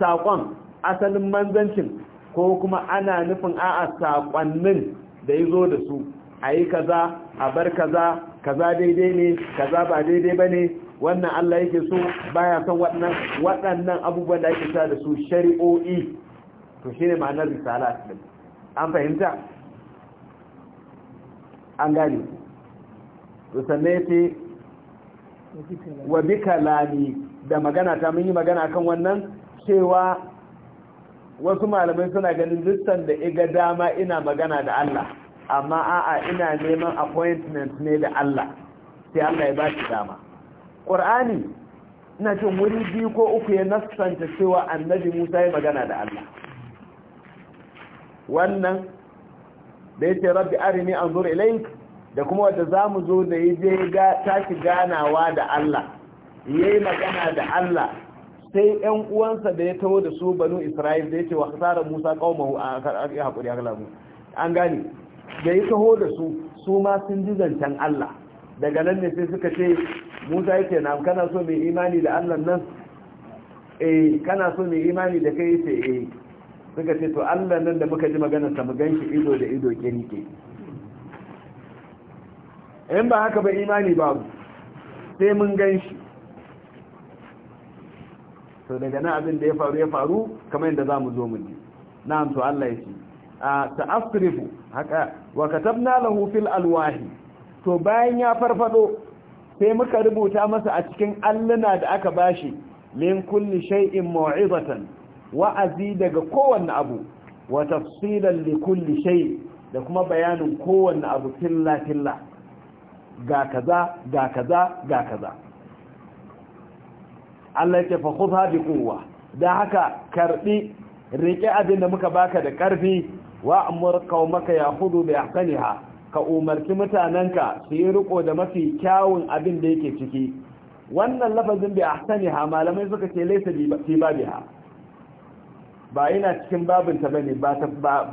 saƙon asalin manzancin ko kuma ana nufin a'a saƙonnin da ya zo da su a yi kaza a bar kaza kaza daidai ne kaza ba daidai ba ne wannan Allah yake so baya son waɗannan abubuwan da ake sa da su shari'o'i to shi ne ma'anar risala an fahimta an gane to sannan ce wa bi da magana ta mun yi magana kan wannan cewa wasu malamai suna ganin dukkan da iga dama ina magana da Allah amma a'a ina neman appointment ne da Allah sai Allah ya ba dama Qur'ani ina cin wuri biyu ko uku ya nasanta cewa annabi Musa ya magana da Allah wannan da yace rabbi arini anzur ilayk da kuma wanda zamu zo da yaje ga taki ganawa da Allah ya yi magana da Allah sai ‘yan uwansa da ya taho da su banu Isra'il da ya ce wa tsara Musa ƙaumahu a haƙuri a kalamu an gane da ya taho da su su ma sun ji zancen Allah daga nan ne sai suka ce Musa yake na kana so mai imani da Allah nan eh kana so mai imani da kai ce eh suka ce to Allah nan da muka ji maganar mu ganshi ido da ido kirke in ba haka ba imani babu sai mun ganshi to daga nan abin da ya faru ya faru kamar yadda za mu zo mu ji na'am to Allah ya ce ta'asrifu haka wa katabna lahu fil alwahi to bayan ya farfado sai muka rubuta masa a cikin alluna da aka bashi min kulli shay'in mau'izatan wa'azi daga kowanne abu wa tafsilan li kulli shay da kuma bayanin kowanne abu filla filla ga kaza ga kaza ga kaza Allah yake fa bi quwwa da haka karbi rike abin da muka baka da karfi wa amur ya yahudu bi ahsaniha ka umarci mutananka su yi riko da mafi kyawun abin da yake ciki wannan lafazin bi ahsaniha malamai suka ce laysa bi babiha ba ina cikin babinta bane ba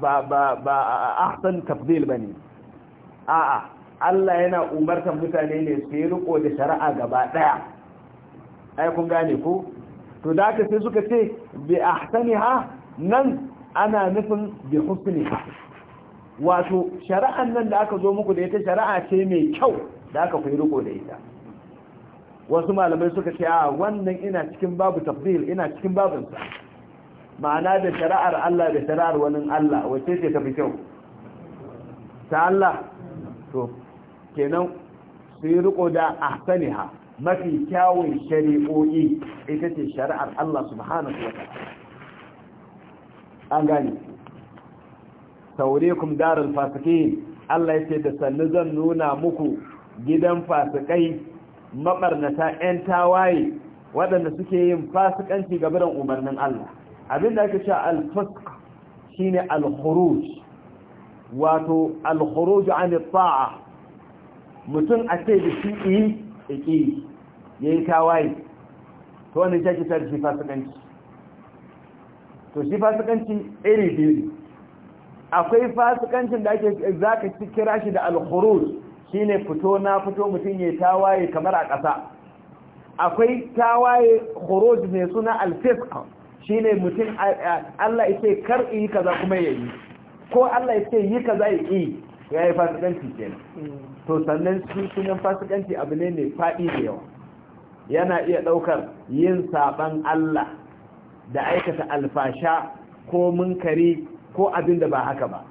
ba ba ba ahsan tafdil bane a'a Allah yana umartan mutane ne su yi riko da shari'a gaba daya ai kun gane ko to da aka sai suka ce bi ahsaniha nan ana nufin bi husniha wato shari'an nan da aka zo muku da ita shari'a ce mai kyau da aka kuyi riko da ita wasu malamai suka ce a wannan ina cikin babu tafdil ina cikin babin sa ma'ana da shari'ar Allah da shari'ar wani Allah wace ce tafi kyau ta Allah to kenan su yi riko da ahsaniha mafi kyawun shari'o'i ita ce shari'ar Allah subhanahu wa ta'ala an gane saurikum darul fasikin Allah ya ce da sannu zan nuna muku gidan fasikai mabarnata 'yan tawaye waɗanda suke yin fasikanci ga biran umarnin Allah abin da ake cewa al fusq shine al-khuruj wato al-khuruj an ta'a mutum a da shi eh, iki ya yi tawaye to wani shi ake tare shi fasikanci to shi fasikanci iri biyu akwai fasikancin da ake za ka kira shi da alkhurus shi ne fito na fito mutum ya tawaye kamar a ƙasa akwai tawaye khurus mai suna alfisk shi ne mutum Allah ya ce kar yi kaza kuma ya yi ko Allah ya ce yi kaza ya yi ya yi fasikanci kenan to sannan su sunan fasikanci abu ne mai faɗi da yawa yana iya ɗaukar yin saɓan Allah da aikata alfasha ko munkari ko abin da ba haka ba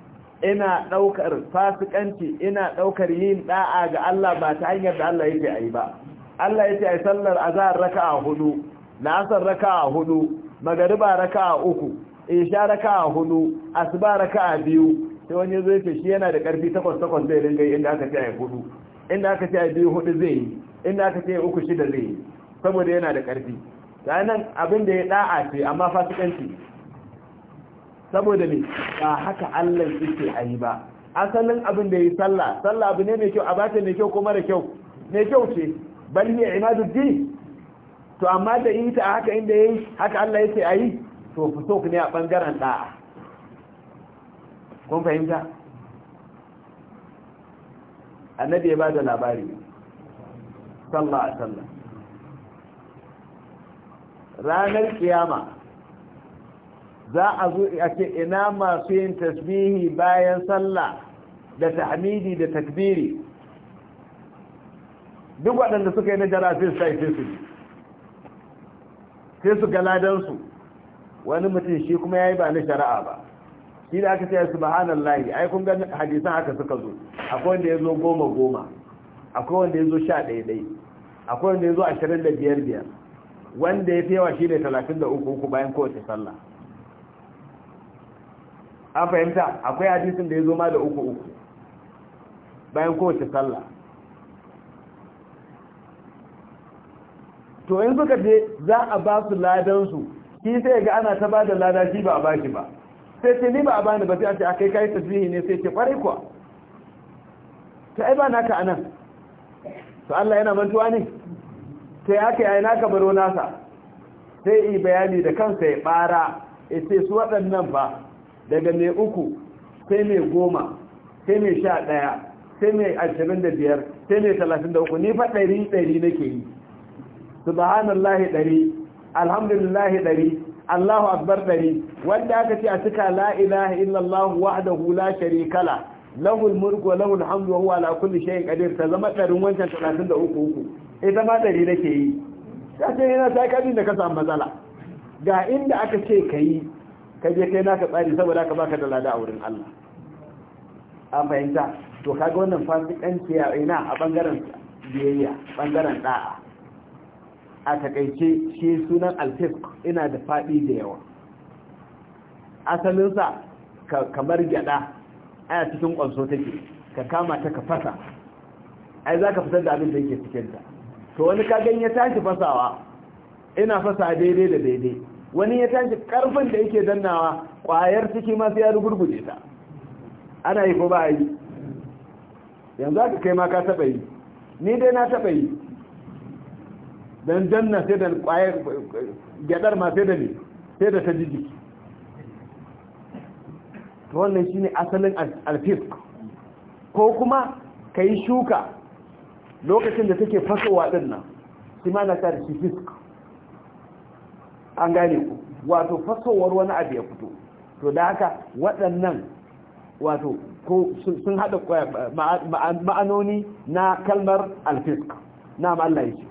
ina ɗaukar fasikanci ina ɗaukar yin ɗa'a ga Allah ba ta hanyar da Allah yake a yi ba Allah yake a yi sallar raka raka'a hudu la'asar raka'a hudu magariba raka'a uku isha raka'a hudu asuba raka'a biyu sai wani zai ce shi yana da karfi takwas takwas zai ringa inda aka ce a hudu inda aka ce a biyu hudu zai yi inda aka ce uku shida zai yi saboda yana da karfi sanan abin da ya da'a ce amma fasikanci saboda ne ba haka Allah yake ayi ba asalin abin da yi sallah sallah abu ne mai kyau abata mai kyau kuma da kyau mai kyau ce bal da imaduddin to amma da yi ta haka inda yayi haka Allah yake ayi to ku ne a bangaren da'a kun fahimta annabi ya ba da labari sallah a sallah ranar kiyama za a zo a ce ina masu yin tasbihi bayan sallah da tahmidi da takbiri duk waɗanda suka yi najara sai sai sai su sai su galadansu wani mutum shi kuma ya yi ba ni shari'a ba shi da aka ce subhanallah ai kun ga hadisan haka suka zo akwai wanda ya zo goma goma akwai wanda ya zo sha ɗaya akwai wanda ya zo ashirin da biyar biyar wanda ya fewa shi ne talatin da uku uku bayan kowace sallah a fahimta akwai hadisin da ya zo ma da uku uku bayan kowace sallah to in suka je za a ba su ladansu shi sai ga ana ta ba da lada shi ba a ba shi ba sai ce ni ba a bani ba sai a ce a kai kayi tasbihi ne sai ce kwarai kuwa ta ai ba naka anan to Allah yana mantuwa ne sai aka yi naka baro nasa sai yi bayani da kansa ya bara ya ce su waɗannan ba daga mai uku sai mai goma sai mai sha ɗaya sai mai ashirin da biyar sai mai talatin da uku ni fa ɗari ɗari nake yi subhanallah ɗari alhamdulillah ɗari Allahu akbar dari wanda aka ce a cika la ilaha illallah wahdahu la sharika la lahul mulku wa lahul hamdu wa huwa ala kulli shay'in qadir ta zama darin wancan 33 uku ita ma dari nake yi ka ce yana sai kadin da ka samu matsala ga inda aka ce kai ka je kai naka tsari saboda ka baka da lada a wurin Allah an fahimta to kaga wannan fasikanci ya ina a bangaren biyayya bangaren da'a a takaice shi sunan alfisk ina da faɗi da yawa asalinsa kamar gyada aya cikin ƙwanso take ka kama ta ka fasa ai za ka fitar da abin da yake cikinta to wani ka gan ya tashi fasawa ina fasa daidai da daidai wani ya tashi karfin da yake dannawa ƙwayar ciki masu ya rugurguje ta ana yi ko ba yi yanzu aka kai ma ka taɓa yi ni dai na taɓa yi don janna sai da kwayar gyadar ma sai da ne sai da ta jijiki to wannan shine asalin alfis ko kuma ka yi shuka lokacin da take fasowa din nan shi ma na ta da shi fisk an gane ku wato fasowar wani abu ya fito to da haka waɗannan wato ko sun haɗa ma'anoni na kalmar alfisk na Allah ya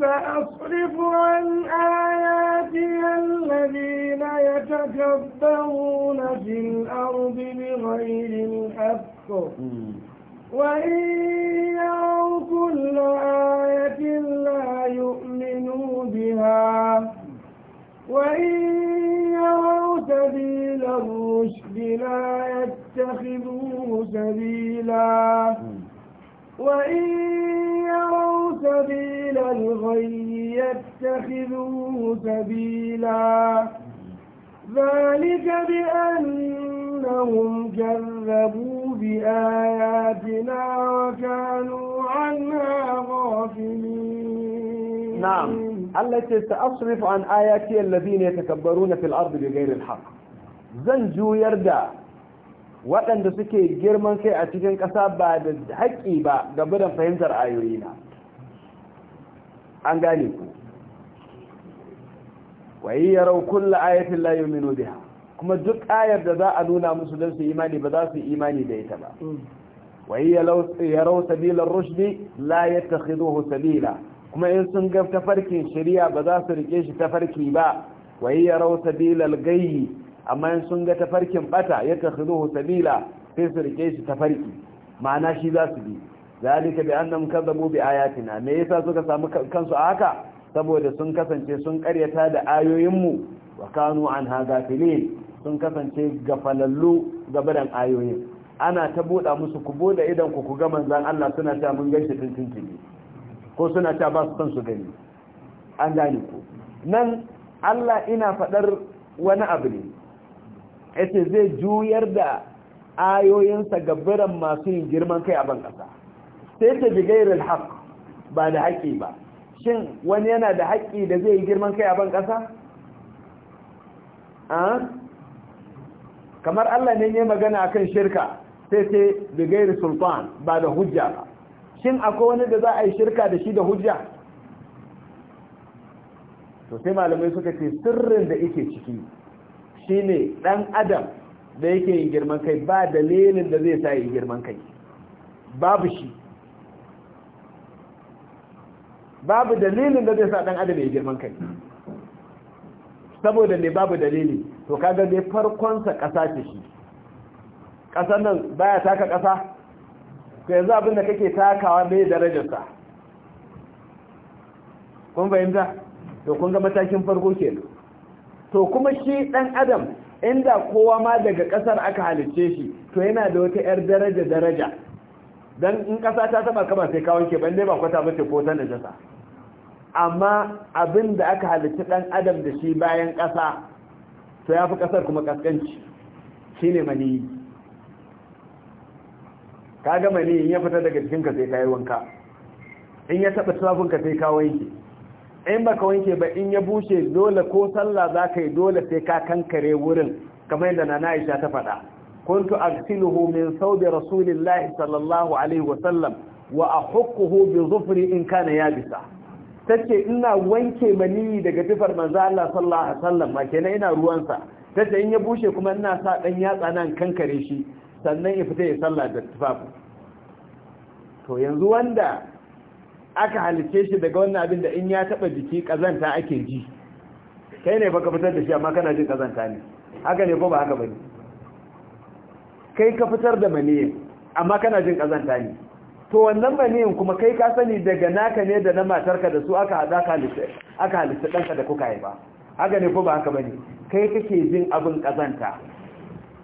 سأصرف عن آياتي الذين يتكبرون في الأرض بغير الحق وإن يروا كل آية لا يؤمنوا بها وإن يروا سبيل الرشد لا يتخذوه سبيلا وإن يروا سبيل الغي يتخذوه سبيلا ذلك بأنهم كذبوا بآياتنا وكانوا عنها غافلين نعم التي سأصرف عن آياتي الذين يتكبرون في الأرض بغير الحق زنجو يردع waɗanda suke girman kai a cikin ƙasa ba da haƙƙi ba ga budan fahimtar ayoyi na an gane ku wayi rau kulla ayatin la yu'minu biha kuma duk ayar da za a nuna musu don su imani ba za su imani da ita ba wayi rau sabilar rushdi la yattakhiduhu sabila kuma in sun ga tafarkin shari'a ba za su rike shi tafarki ba wayi yarau gayyi amma in sun ga tafarkin bata ya takhuduhu sabila sai su rike shi tafarki ma'ana shi za su bi zalika bi annam kadzabu bi ayatina me yasa suka samu kansu a haka saboda sun kasance sun karyata da ayoyinmu wa kanu haga filin sun kasance gafalallu gabaran ayoyin ana ta buɗa musu ku buɗe idan ku ku ga manzan Allah suna ta mun ganshi tuntun kini ko suna ta ba su san su gani an gane ku nan Allah ina faɗar wani abu ne yace zai juyar da ayoyinsa ga biran masu yin girman kai a ban sai ta ji haƙ ba da haƙi ba shin wani yana da haƙi da zai yi girman kai a ban kamar Allah ne ne magana kan shirka sai sai da gairul sultan ba da hujja ba shin akwai wani da za a yi shirka da shi da hujja to malamai suka ce sirrin da ike ciki Shi ne ɗan adam da yake yin girman kai ba dalilin da zai sa yi girman kai babu shi babu dalilin da zai sa ɗan adam ya girman kai saboda ne babu dalili to kaga zai farkonsa ƙasa ce shi ƙasar nan baya taka ƙasa ko yanzu abin da kake takawa mai darajarsa kun fahimta to kun ga matakin farko kenan to kuma shi ɗan adam inda kowa ma daga ƙasar aka halicce shi to yana da wata 'yar daraja daraja don in ƙasa ta taba kama sai kawon ke ban dai ba kwata mace ko ta najasa amma abin da aka halicci ɗan adam da shi bayan ƙasa to ya fi ƙasar kuma ƙasƙanci shi ne maniyi ka ga in ya fita daga cikinka sai ka yi wanka in ya taɓa tufafinka sai ka wanke in baka wanke ba in ya bushe dole ko sallah za ka yi dole sai ka kankare wurin kamar yadda na Aisha ta faɗa kuntu aghsiluhu min sawbi rasulillahi sallallahu alaihi wa sallam wa ahukkuhu bi zufri in kana yabisa tace ina wanke maniyi daga tufar manzo Allah sallallahu alaihi sallam ma kenan ina ruwansa tace in ya bushe kuma ina sa ɗan yatsa nan kankare shi sannan ya fita ya sallah da tufafi to yanzu wanda aka halice shi daga wannan abin da in ya taba jiki kazanta ake ji kai ne baka fitar da shi amma kana jin kazanta ne haka ne ko ba haka bane kai ka fitar da maniyin amma kana jin kazanta ne to wannan maniyin kuma kai ka sani daga naka ne da na matarka da su aka hada ka halice aka halice danka da kuka yi ba haka ne ko ba haka bane kai kake jin abin kazanta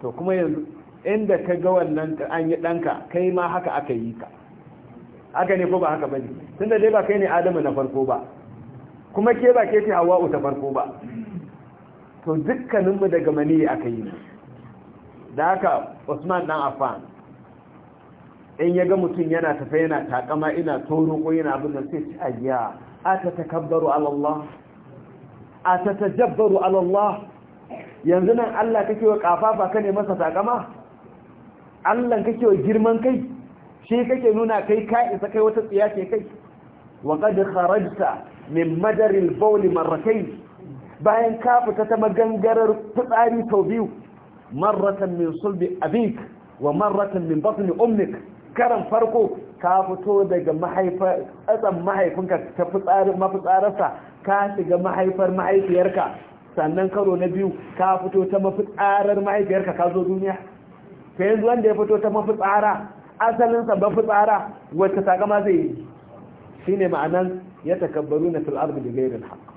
to kuma yanzu inda ka ga wannan an yi danka kai ma haka aka yi ka haka ne ko ba haka bane tunda dai ba kai ne adamu na farko ba kuma ke ba ke ce hawa'u ta farko ba to dukkaninmu daga mani aka yi da haka usman dan Afan. in ya ga mutum yana tafe yana takama ina toro ko yana abin da sai ci ajiya a ta takabbaru alallah a ta tajabbaru alallah yanzu nan allah kake wa kafa ba ka masa takama allah kake wa girman kai shi kake nuna kai ka isa kai wata tsiya ce kai wa qad kharajta min madaril bawl marratayn bayan ka fita ta magangarar fitsari sau biyu marratan min sulbi abik wa marratan min batni ummik karan farko ka fito daga mahaifa tsatsan mahaifinka ta fitsari mafitsararsa ka shiga mahaifar mahaifiyarka sannan karo na biyu ka fito ta mafitsarar mahaifiyarka ka zo duniya Ka yanzu wanda ya fito ta mafitsara asalin sa fitsara wacce takama zai yi Shi ne ma'anan ya takabbaru na fil da gairin haka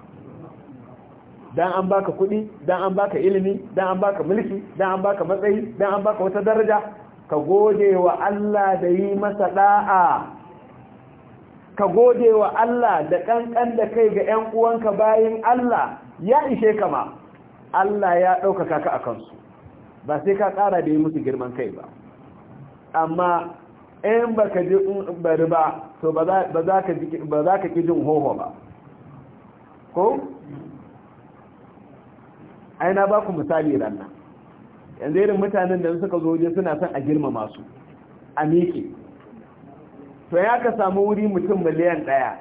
don an baka kuɗi dan an baka ilimi dan an baka mulki dan an baka matsayi dan an baka wata daraja ka gode wa Allah da yi masa da'a ka gode wa Allah da ƙanƙan da kai ga 'yan uwanka bayan Allah ya ishe ka Allah ya ɗaukaka ka a kansu ba sai ka ƙara da yi musu girman kai ba amma in ba ka ji bari ba to ba za ka ƙi jin hoho ba ko? aina ba ku misali ranar yanzu irin mutanen da suka zo waje suna son a girmama su a miki, to ya ka samu wuri mutum miliyan ɗaya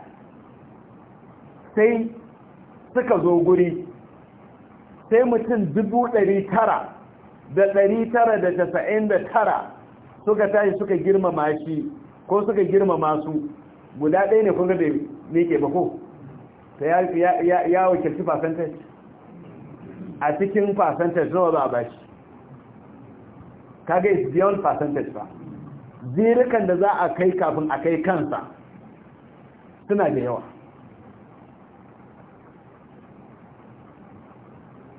sai suka zo guri sai mutum dubu dari tara da ɗari tara da tasa'in da tara suka tashi suka girmama shi ko suka girmama su guda ɗaya ne kunga da ne ke bako ta ya wakilci fasantar a cikin fasantar zuwa ba ba shi kaga is beyond percentage ba zirikan da za a kai kafin a kai kansa suna da yawa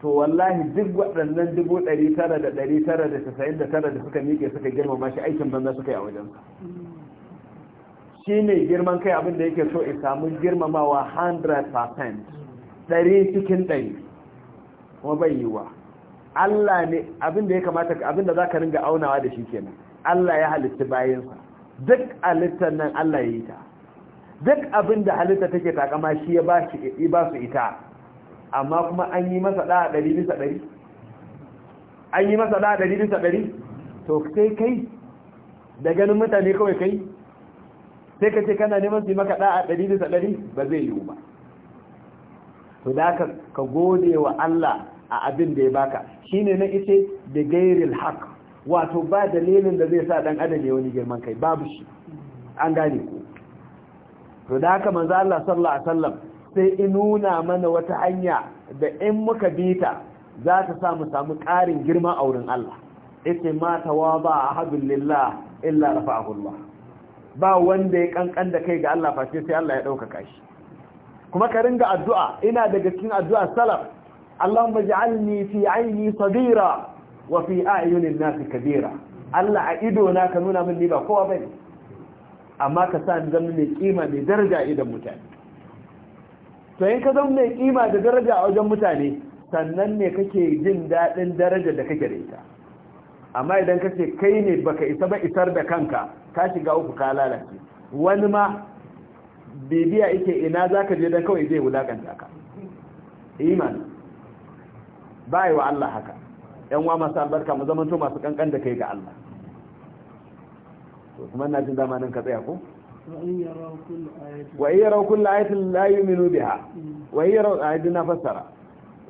to wallahi duk waɗannan dubu ɗari tara da ɗari tara da tasa'in da tara da suka miƙe suka girmama shi aikin banza suka yi a wajen shi ne girman kai abin da yake so in samu girmamawa 100% ɗari cikin ɗari kuma bai wa Allah ne abin da ya kamata abin da za ka ringa aunawa da shi kenan Allah ya halitta bayansa duk halittar nan Allah ya yi ta duk abin da halitta take takama shi ya ba su ita amma kuma an yi masa ɗa ɗari bisa ɗari an yi masa ɗa ɗari bisa ɗari to sai kai da ganin mutane kawai kai sai ka ce kana neman su yi maka ɗa a ɗari bisa ɗari ba zai yiwu ba to da ka ka gode wa Allah a abin da ya baka shine na ice da gairil hak. wato ba dalilin da zai sa dan adam ya wani girman kai babu shi an gane ku to da ka manzo Allah sallallahu alaihi wasallam sai in nuna mana wata hanya da in muka bi ta za ta sa mu samu ƙarin girma a wurin Allah ita ma a ahadun lillah illa a Allah ba wanda ya kankan da kai ga Allah face sai Allah ya ɗaukaka shi kuma ka ringa addu'a ina daga cikin addu'a salaf Allahumma ij'alni fi 'ayni sabira wa fi a'yunin nasi kabira Allah a ido na ka nuna min ni ba kowa bane amma ka sa ni zama mai kima mai daraja idan mutane to in ka zama mai kima da daraja a wajen mutane sannan ne kake jin daɗin daraja da kake da ita amma idan ka ce kai ne baka isa ba isar da kanka ka shiga uku ka lalace wani ma bibiya yake ina za ka je don kawai zai wulakanta ka iman ba yi wa Allah haka yan wa masu albarka mu zamanto masu kankan da kai ga Allah to kuma na jin zamanin ka tsaya ko wa in yaraw kull ayatin la yu'minu biha wa in yaraw na fassara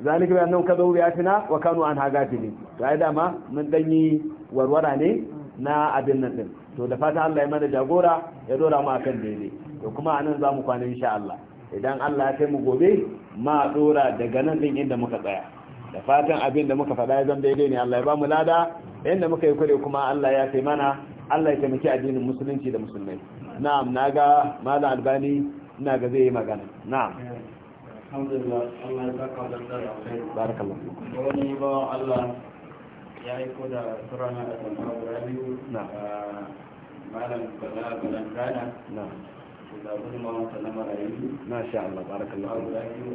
zalika bi annahum kadhabu bi ayatina wa kanu anha ghafilin to ai dama mun danyi warwara ne na abin nan to da fata Allah ya mana jagora ya dora mu akan daidai to kuma anan zamu kwana insha Allah idan Allah ya kai mu gobe ma dora daga nan din inda muka tsaya da fatan abin da muka faɗa ya zan daidai ne Allah ya ba mu lada inda muka yi kure kuma Allah ya kai mana Allah ya taimaki addinin musulunci da musulmai نعم ناجا ماذا عن بني ناجا زي ما قال نعم الحمد لله الله يبقى بالدار بارك الله فيك بني با الله يعيكو دا سرنا أتنهو نعم ما آه، مالا بلا بلا بلا نعم ما شاء الله بارك الله فيك رأيو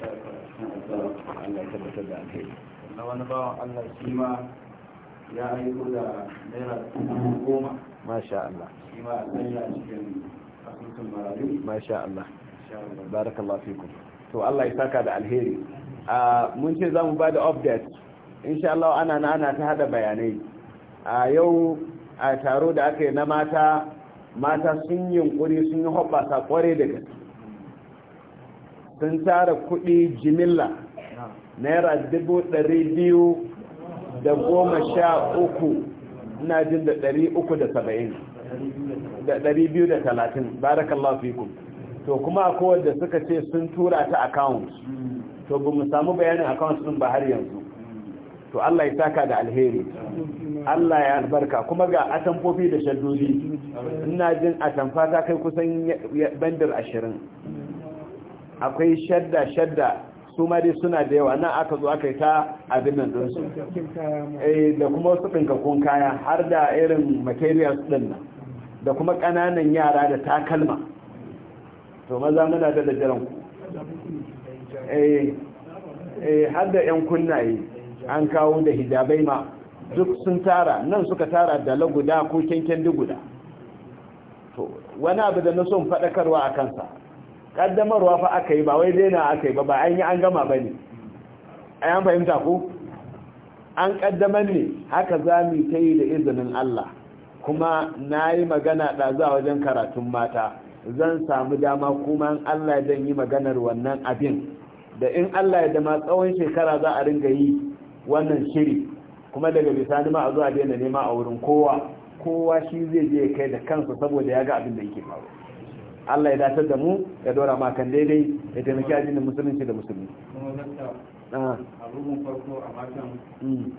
الله يبقى بالدار الله يبقى بالدار الله يبقى يا أيها الذين آمنوا masha Allah masha Allah barakallahu fikum to Allah ya saka da alheri mun ce zamu ba da update insha Allah ana na ana ta hada bayanai a yau a taro da aka yi na mata mata sun yunkuri sun yi hoɓasa kware da gaske sun tara kuɗi jimilla naira dubu ɗari biyu da goma sha uku ina jin da 370 da 230 barakallahu fikum to kuma akwai wanda suka ce sun tura ta account to ba mu samu bayanin account din ba har yanzu to Allah ya saka da alheri Allah ya albarka kuma ga atamfofi da shaddodi ina jin atamfa ta kai kusan bandar 20 akwai shadda shadda su ma dai suna da yawa nan aka zo aka yi ta abin nan su eh, da kuma wasu ɗinkakkun kaya har da irin materials din nan da kuma ƙananan yara da takalma to maza muna da da jiran ku eh, eh, har da 'yan kunnaye an kawo da hijabai ma duk sun tara nan suka tara da laguda ko kyankyan guda to wani abu da na son faɗakarwa a kansa kaddamarwa fa aka yi ba wai daina aka yi ba ba an yi an gama ba ne an fahimta ko an kaddamar ne haka za mu ta yi da izinin Allah kuma na yi magana ɗazu a wajen karatun mata zan samu dama kuma in Allah ya yi maganar wannan abin da in Allah ya dama tsawon shekara za a ringa yi wannan shiri kuma daga bisani ma a zuwa daina nema a wurin kowa kowa shi zai je kai da kansa saboda ya ga abin da yake faru Allah ya dace da mu ya dora ma daidai ya taimaki addinin musulunci da musulmi abubuwan ah. farko a matan hmm.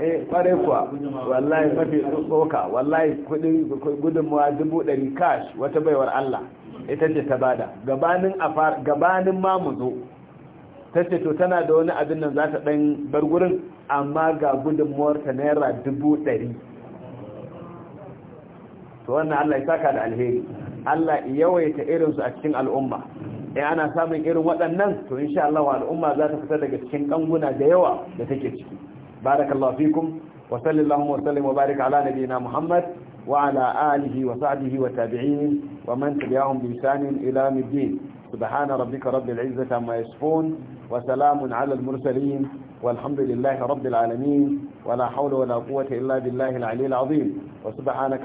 eh kwarai kuwa wallahi mafi tsoka wallahi kudin gudunmawa dubu ɗari cash wata baiwar Allah ita ce ta bada gabanin afar gabanin ma mu zo ta ce to tana da wani abin nan za ta ɗan bar gurin amma ga gudunmawar ta naira dubu ɗari to wannan Allah ya saka da alheri Allah yawaita irinsu a cikin al'umma in ana samun irin waɗannan to insha Allah al'umma za ta fita daga cikin kanguna da yawa da take ciki barakallahu fikum wa sallallahu wa sallim wa baraka ala nabiyyina muhammad wa ala alihi wa sahbihi wa tabi'in wa man tabi'ahum bi ihsan ila yawmiddin subhana rabbika rabbil izzati amma yasifun wa salamun ala al mursalin walhamdulillahi rabbil alamin wa la hawla wa la quwwata illa billahi al aliyyil azim wa subhanaka